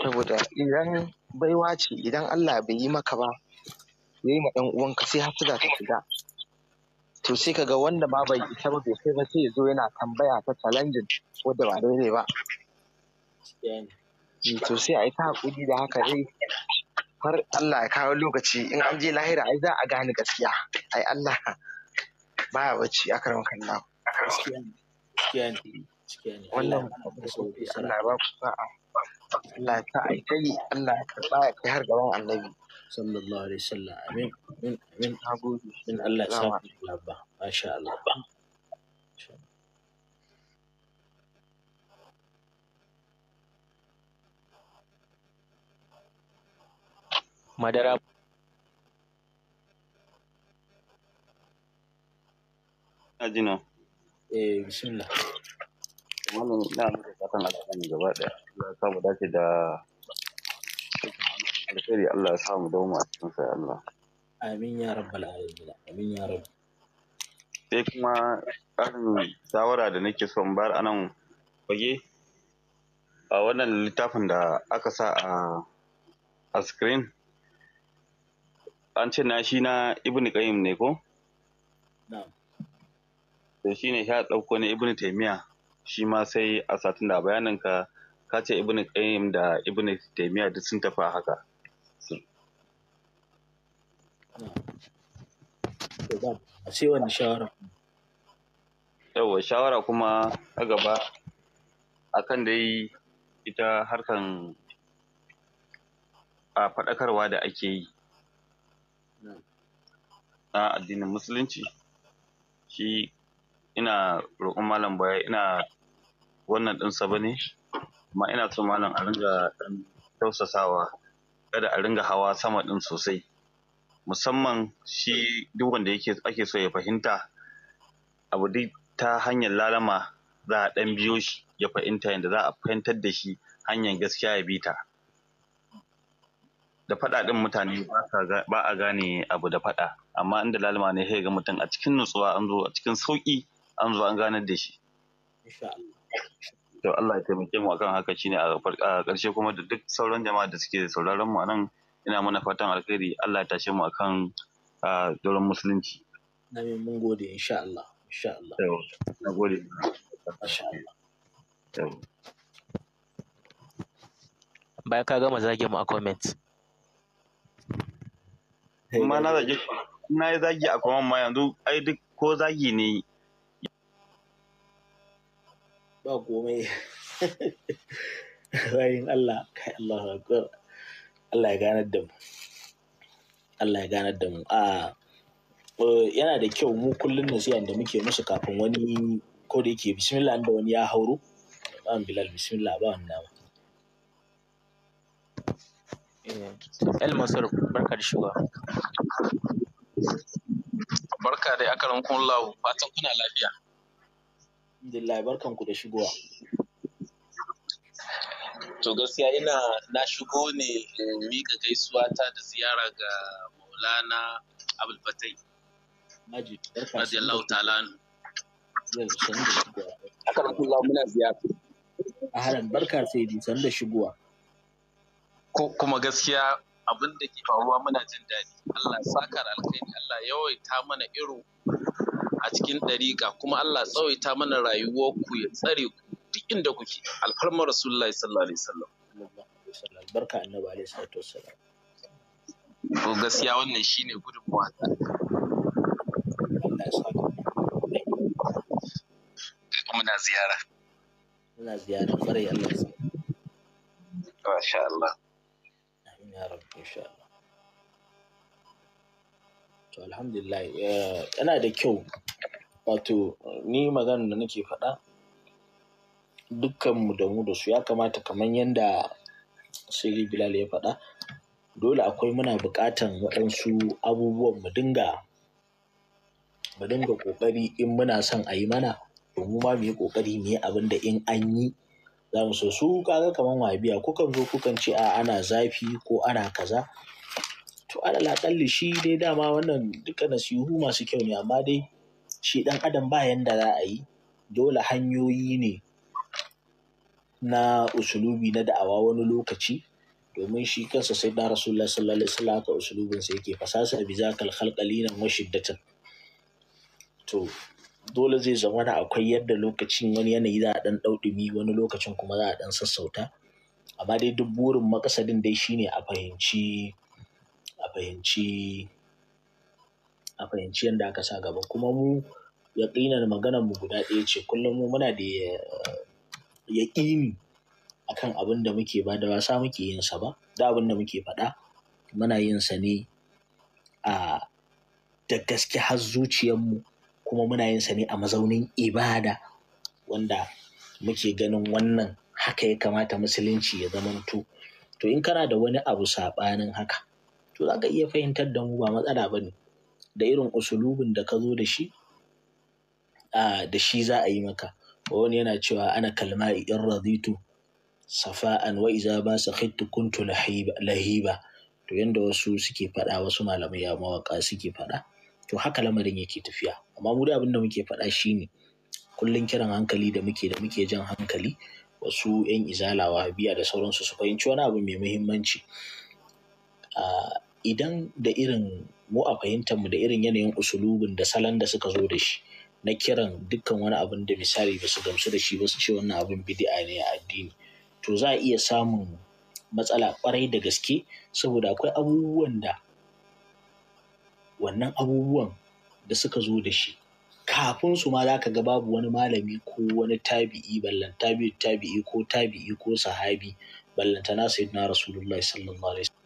saboda idan baiwa ce idan Allah bai yi maka ba ya yi ma ɗan uwanka sai za ta shiga to sai ka ga wanda ba bai isa ba sai ba sai ya zo yana tambaya ta challenging wadda ba daidai ba to sai a yi ta haƙuri da haka dai har Allah ya kawo lokaci in an je lahira ai za a gane gaskiya ai Allah baya bacci a karan kalla wannan Allah ya ba ku sa'a Allah ya sa ta kai Allah ya karba ya kai har gaban annabi sallallahu alaihi wasallam amin amin amin Allah ya sa ku labba masha Allah madara Ajina. Eh, bismillah. Wannan ina muka fatan alƙalami gaba ɗaya. Allah ya samu dace da alheri Allah ya samu dawo a cikin sai Allah. Amin ya rabbal alamin. Amin ya rabb. Sai kuma karin shawara da nake son bar anan nan fage a wannan littafin da aka sa a a screen an ce na shi na ibn qayyim ne ko na'am to shine ya dauko ne ibn taymiya shi ma sai a satin da bayanin ka ka ce ibn qayyim da ibn taymiya duk sun tafi haka sai wani shawara yawa shawara kuma a gaba akan da yi ita harkan a faɗakarwa da ake yi na addinin musulunci shi ina roƙon malam baya ina wannan ɗinsa ba ne amma ina so malam a ringa ɗan tausasawa kada a ringa hawa sama ɗin sosai musamman shi duk wanda yake ake so ya fahimta abu duk ta hanyar lalama za a ɗan biyo shi ya fahimta yadda za a fahimtar da shi hanyar gaskiya ya bi ta da faɗa ɗin mutane ba a gane abu da faɗa amma inda lalima ne sai ga mutum a cikin nutsuwa an zo a cikin sauƙi an zo an ganar da shi to Allah ya taimake mu akan haka shine a ƙarshe kuma da duk sauran jama'a da suke sauraron mu nan ina mana fatan alkhairi Allah ya tashe mu akan doron musulunci amin mun gode insha Allah insha Allah na gode insha Allah bai ka gama zage mu a comments kuma na zage na yi zagi a kwaman ma yanzu ai duk ko zagi ne ba komai bayan Allah kai Allah akbar Allah ya ganar da mu Allah ya ganar da mu a eh, yana da kyau mu kullun nasiha da muke musu kafin wani ko da yake bismillah da wani ya hauro ba bilal bismillah ba wannan Eh, El barka da shiga. Barka dai kun lawo fatan kuna lafiya. barkan ku da shigowa. To gaskiya ina na shigo ne mika gaisuwa ta da ziyara ga Maulana Abul Fatai. ta'ala. kun lawo muna ziyara. A haran barka sai bi san da shigowa. kuma gaskiya abin da ke faruwa muna jin daɗi Allah sakar da alkhairi Allah yawaita mana iro a cikin ɗariƙa kuma Allah tsawaita mana rayuwar ku ya tsare ku duk inda kuke alfarmar rasulullahi sallallahu alaihi wasallam barka annabi alaihi salatu wasallam to gaskiya wannan shine gudunmuwa ta muna ziyara muna ziyara kwarai Allah ya Masha Allah ya insha Allah. To alhamdulillah yana da kyau wato ni magana da nake faɗa dukkanmu da mu da su ya kamata kamar yadda Shehi Bilal ya faɗa dole akwai muna buƙatan waɗansu abubuwan mu dinga mu dinga ƙoƙari in muna son a yi mana domin ma mu yi ƙoƙari mu yi abin da in an yi za mu so su kaga kamar wahabiya kukan zo kukan ce a ana zafi ko ana kaza to alal aƙalli shi dai dama wannan duka nasihu masu kyau ne amma dai shi ɗan adam ba yanda za a yi dole hanyoyi ne na usulubi na da'awa wani lokaci domin shi kansa sai na rasulullah sallallahu alaihi wasallam ka usulubin sa yake fasasa bi zakal khalqalina mushiddatan to dole zai zama na akwai yadda lokacin wani yanayi za a ɗan ɗauɗumi wani lokacin kuma za a ɗan sassauta amma dai duk burin makasadin dai shine a fahimci a fahimci a fahimci yadda aka sa gaba kuma mu yaƙinan maganar mu guda ɗaya ce kullum mu muna da yaƙini akan abin da muke ba da wasa muke yin sa ba da abin da muke faɗa muna yin sa ne a da gaske har zuciyarmu mu kuma muna yin sa ne a mazaunin ibada wanda muke ganin wannan haka ya kamata musulunci ya zamanto to in kana da wani abu saɓanin haka to za ka iya fahimtar da mu ba matsala ba ne da irin usulubin da ka zo da shi da shi za a yi maka wani yana cewa ana kalma in raditu safa'an wa iza ba sa khittu kuntu lahiba to yanda wasu suke faɗa wasu malamai ya mawaka suke faɗa to haka lamarin yake tafiya amma mu abin da muke faɗa shi ne kullum kiran hankali da muke da muke jan hankali wasu 'yan izalawa biya da sauransu su fahimci wani abu mai muhimmanci idan da irin mu a fahimtar mu da irin yanayin usulubin da salon da suka zo da shi na kiran dukkan wani abin da misali ba su gamsu da shi ba su ce wannan abin bidi'a ne a addini to za a iya samun matsala kwarai da gaske saboda akwai abubuwan da wannan abubuwan da suka zo da shi kafin su ma za ka ga babu wani malami ko wani tabi'i ballan tabi'i tabi'i ko tabi'i ko sahabi ballanta na sayyidina rasulullahi sallallahu alaihi wasallam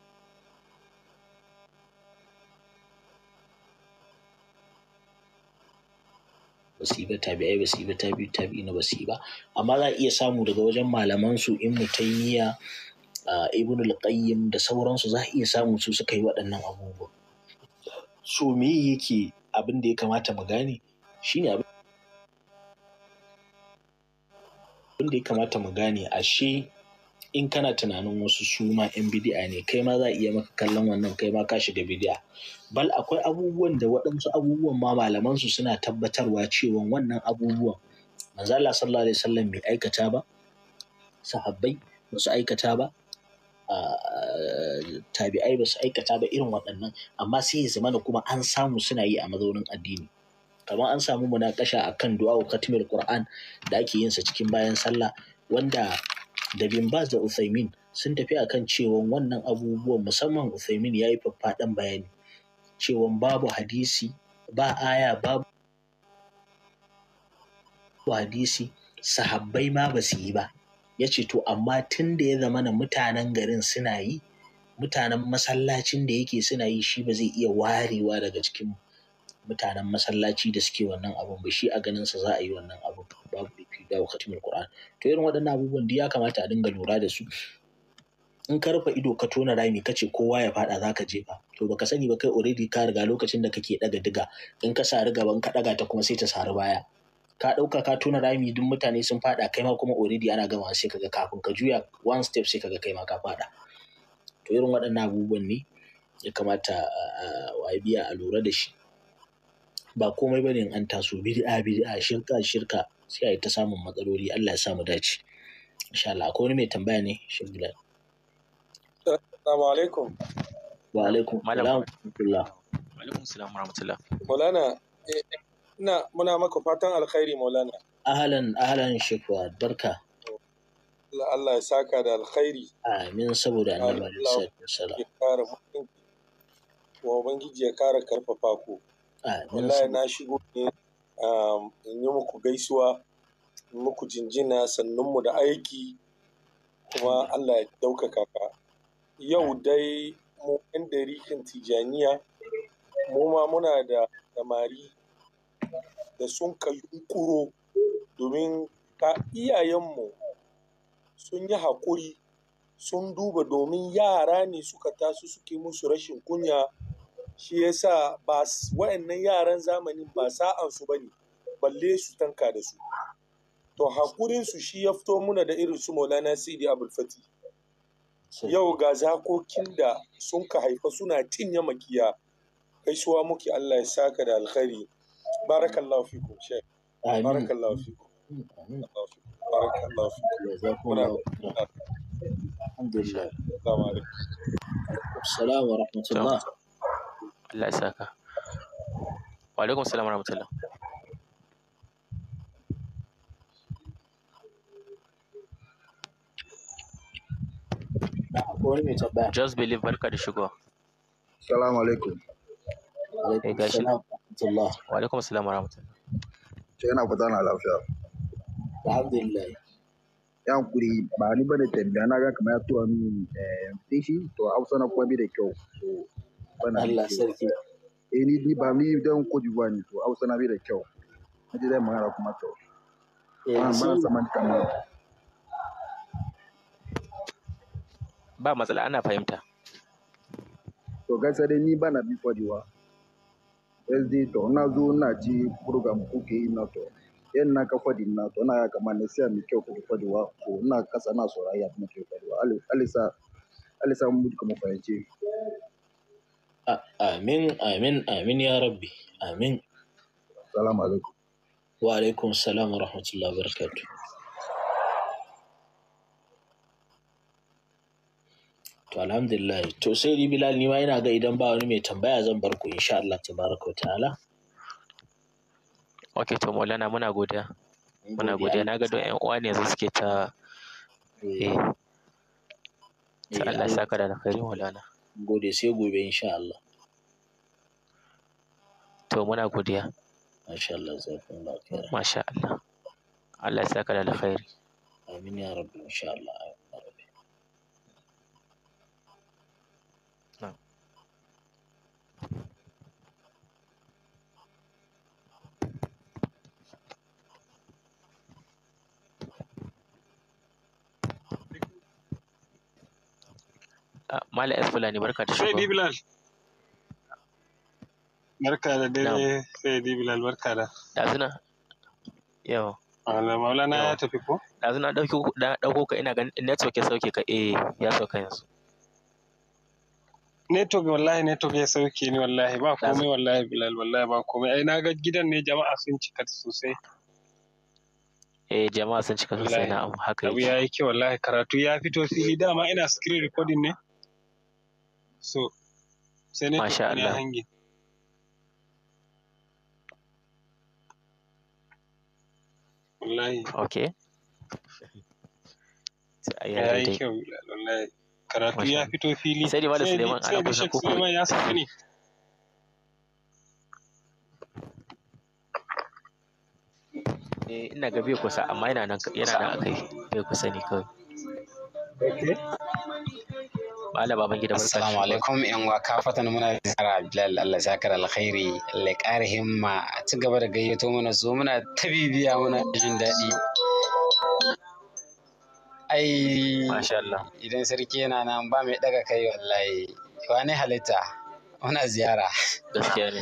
basiba tabi'ai basiba tabi'i tabi'i na basiba amma za a iya samu daga wajen malaman su in mutaymiya ibn al-qayyim ah, da sauransu za a iya samu su suka yi waɗannan abubuwan. So me yake abin da ya kamata mu gane? Shi ne abin da ya kamata mu gane ashe in kana tunanin wasu suma ma 'yan bidi'a ne kai ma za a iya maka kallon wannan kai ma ka shiga bidi'a bal akwai abubuwan da waɗansu abubuwan ma malaman su suna tabbatarwa cewa wannan abubuwan manzo Allah sallallahu alaihi wasallam bai aikata ba sahabbai ba su aikata ba tabi'ai ba su aikata ba irin waɗannan amma sai ya zamana kuma an samu suna yi a mazaunin addini kamar an samu muna a akan du'a katimil ƙur'an da ake yin sa cikin bayan sallah wanda da bin da usaimin sun tafi a kan cewa wannan abubuwan musamman usaimin ya yi faffaɗan bayani cewa babu hadisi ba aya babu hadisi sahabbai ma ba su yi ba ya ce to amma tun da ya zama na mutanen garin suna yi mutanen masallacin da yake suna yi shi ba zai iya warewa daga cikin mutanen masallaci da suke wannan abun ba shi a ganin sa za a yi wannan abun babu rufi babu khatimul qur'an to irin waɗannan abubuwan da ya kamata a dinga lura da su in ka rufe ido ka tona rami ka ce kowa ya faɗa za ka jefa to baka sani ba kai already ka riga lokacin da kake ɗaga diga in ka sari gaban ka ɗaga ta kuma sai ta sari baya ka ɗauka ka tona rami duk mutane sun faɗa kai ma kuma already ana gama sai kaga kafin ka juya one step sai kaga kai ma ka faɗa to irin waɗannan abubuwan ne ya kamata a biya a lura da shi ba komai bane an taso bid'a bid'a shirka shirka sai a yi ta samun matsaloli Allah ya sa mu dace insha Allah akwai wani mai tambaya ne shirgila Assalamu alaikum wa alaikum salam wa wa alaikum salam wa rahmatullah Maulana eh, na muna maka fatan alkhairi maulana ahalan ahalan shekwa barka Allah ya saka da alkhairi amin saboda annabi sallallahu alaihi wasallam wa ubangiji ya kara karfafa ku wallahi na shigo ne um, in yi muku gaisuwa in muku jinjina sannunmu da aiki kuma Allah ya daukaka ka yau dai mu ɗan rikin tijaniya mu ma muna da samari da sun ka yunƙuro domin ka iyayenmu sun yi haƙuri sun duba domin yara ne suka tasu suke musu rashin kunya shi yasa ba waɗannan yaran zamanin ba sa'ansu ba ne balle su tanka da su to su shi ya fito muna da irin su maulana sidi abulfati yau ga zakokin da sun ka haifa suna cinye makiya gaisuwa muke allah ya saka da alkhari barakallahu fikum shek barakallahu fikum barakallahu fikum alhamdulillah assalamu alaikum assalamu wa Just believe alaikum assalam wa alaikum assalam wa rahmatullah to yana fata na lafiya alhamdulillah ya hankuri ba ni bane tambaya na ga kamar ya tuwa min fishi eh, to hausa na kuma bi da kyau Allah sarki eh ni ba ni dan ko ba ni to hausa na bi da kyau na ji zai magana kuma to eh ba saman kamar ba matsala ana fahimta to gaisa dai ni bana bi kwadewa SD to na zo na ji program kuke yi na to yan na ka fadi na to na ya kama ne sai mai kyau kuke wa ko na kasa na saurari abin da kuke wa alisa alisa mu duka mu fahimci amin amin amin ya rabbi amin assalamu alaikum wa alaikum salam wa rahmatullahi wa barakatuh To alhamdulillah. To sai ni Bilal ni ma ina ga idan ba wani mai tambaya zan bar ku insha Allah tabaraka wa ta'ala. Okay to Maulana muna godiya. Muna godiya na ga don ƴan uwa ne suke ta eh. eh. eh ta Allah saka da alkhairi Maulana. Gode sai gobe insha Allah. To muna godiya. Masha Allah sai kun lafiya. Masha Allah. Allah saka da alkhairi. Amin ya rabbi insha Allah. Ah, Malam S Fulani barka da shi Sai Bilal. Barka da dare sai Bilal barka da. Da suna. Yawa. maulana ya tafi ko? Da suna dauko ka ina ganin network ya sauke ka eh ya sauka yanzu. Network wallahi network ya sauke ni wallahi ba komai wallahi Bilal wallahi ba komai ai na ga gidan ne jama'a sun cika sosai. eh jama'a sun cika sosai na haka yake abu yayi kyau wallahi karatu ya fito fili dama ina screen recording ne So, sai ne Allah. hangi. Wallahi. okay kyau, wallahi. Karatu ya fito fili. Sai da Suleiman ana kusa kuku. Sai ya saka ne. Eh, ina ga bai kusa amma yana nan yana nan akai bai kusa ne kawai Malam Babangida barka. Assalamu alaikum ƴan wa kafatan muna tsara Bilal Allah zakar alkhairi Allah kare himma a ci gaba da gayyato mana zo muna tabibiya muna jin daɗi. Ai idan sarki yana nan ba mai daga kai wallahi wani halitta muna ziyara. Gaskiya ne.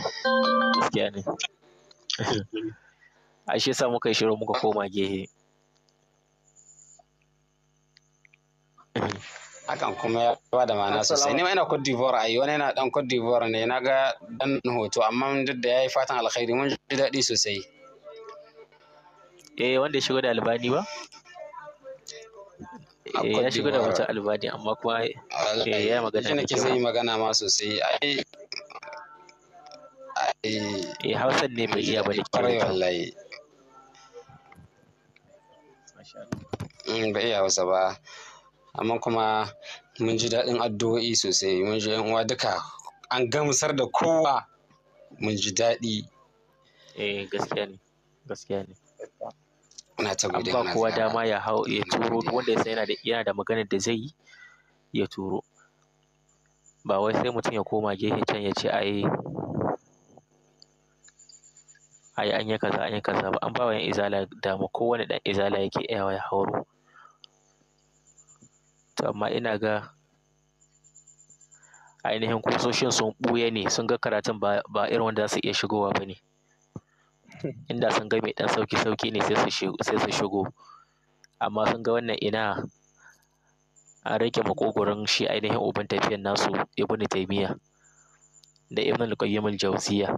Gaskiya ne. Ashe sa muka yi shirin muka koma gehe. hakan kuma ya ba da ma'ana sosai ni ma ina Cote d'Ivoire ai wani yana dan Cote d'Ivoire ne na ga dan hoto amma duk da yayi fatan alkhairi mun ji daɗi sosai eh wanda ya shigo da albani ba eh, ya shigo da wata albani amma kuma eh, ya magana da ke sai magana ma sosai ai eh hausan ne bai iya ba da kyau wallahi mm, bai iya hausa ba amma kuma mun ji daɗin addu'o'i sosai mun ji uwa duka an gamsar da kowa mun ji daɗi eh gaskiya ne gaskiya ne Ina ta gode ba kowa dama ya hau ya turo wanda ya san yana da yana da maganar da zai ya turo ba wai sai mutum ya koma gefe can ya ce ai ai an yi kaza an yi kaza ba an ba wa yan izala dama kowane dan izala yake iya ya hauro to amma ina ga ainihin kusoshin sun ɓuya ne sun ga karatun ba, irin wanda za su iya shigowa ba ne inda sun ga mai ɗan sauki-sauki ne sai su shigo amma sun ga wannan ina an rike maƙogoron shi ainihin uban tafiyan nasu ibn taimiya da ibn al-qayyim al-jawziya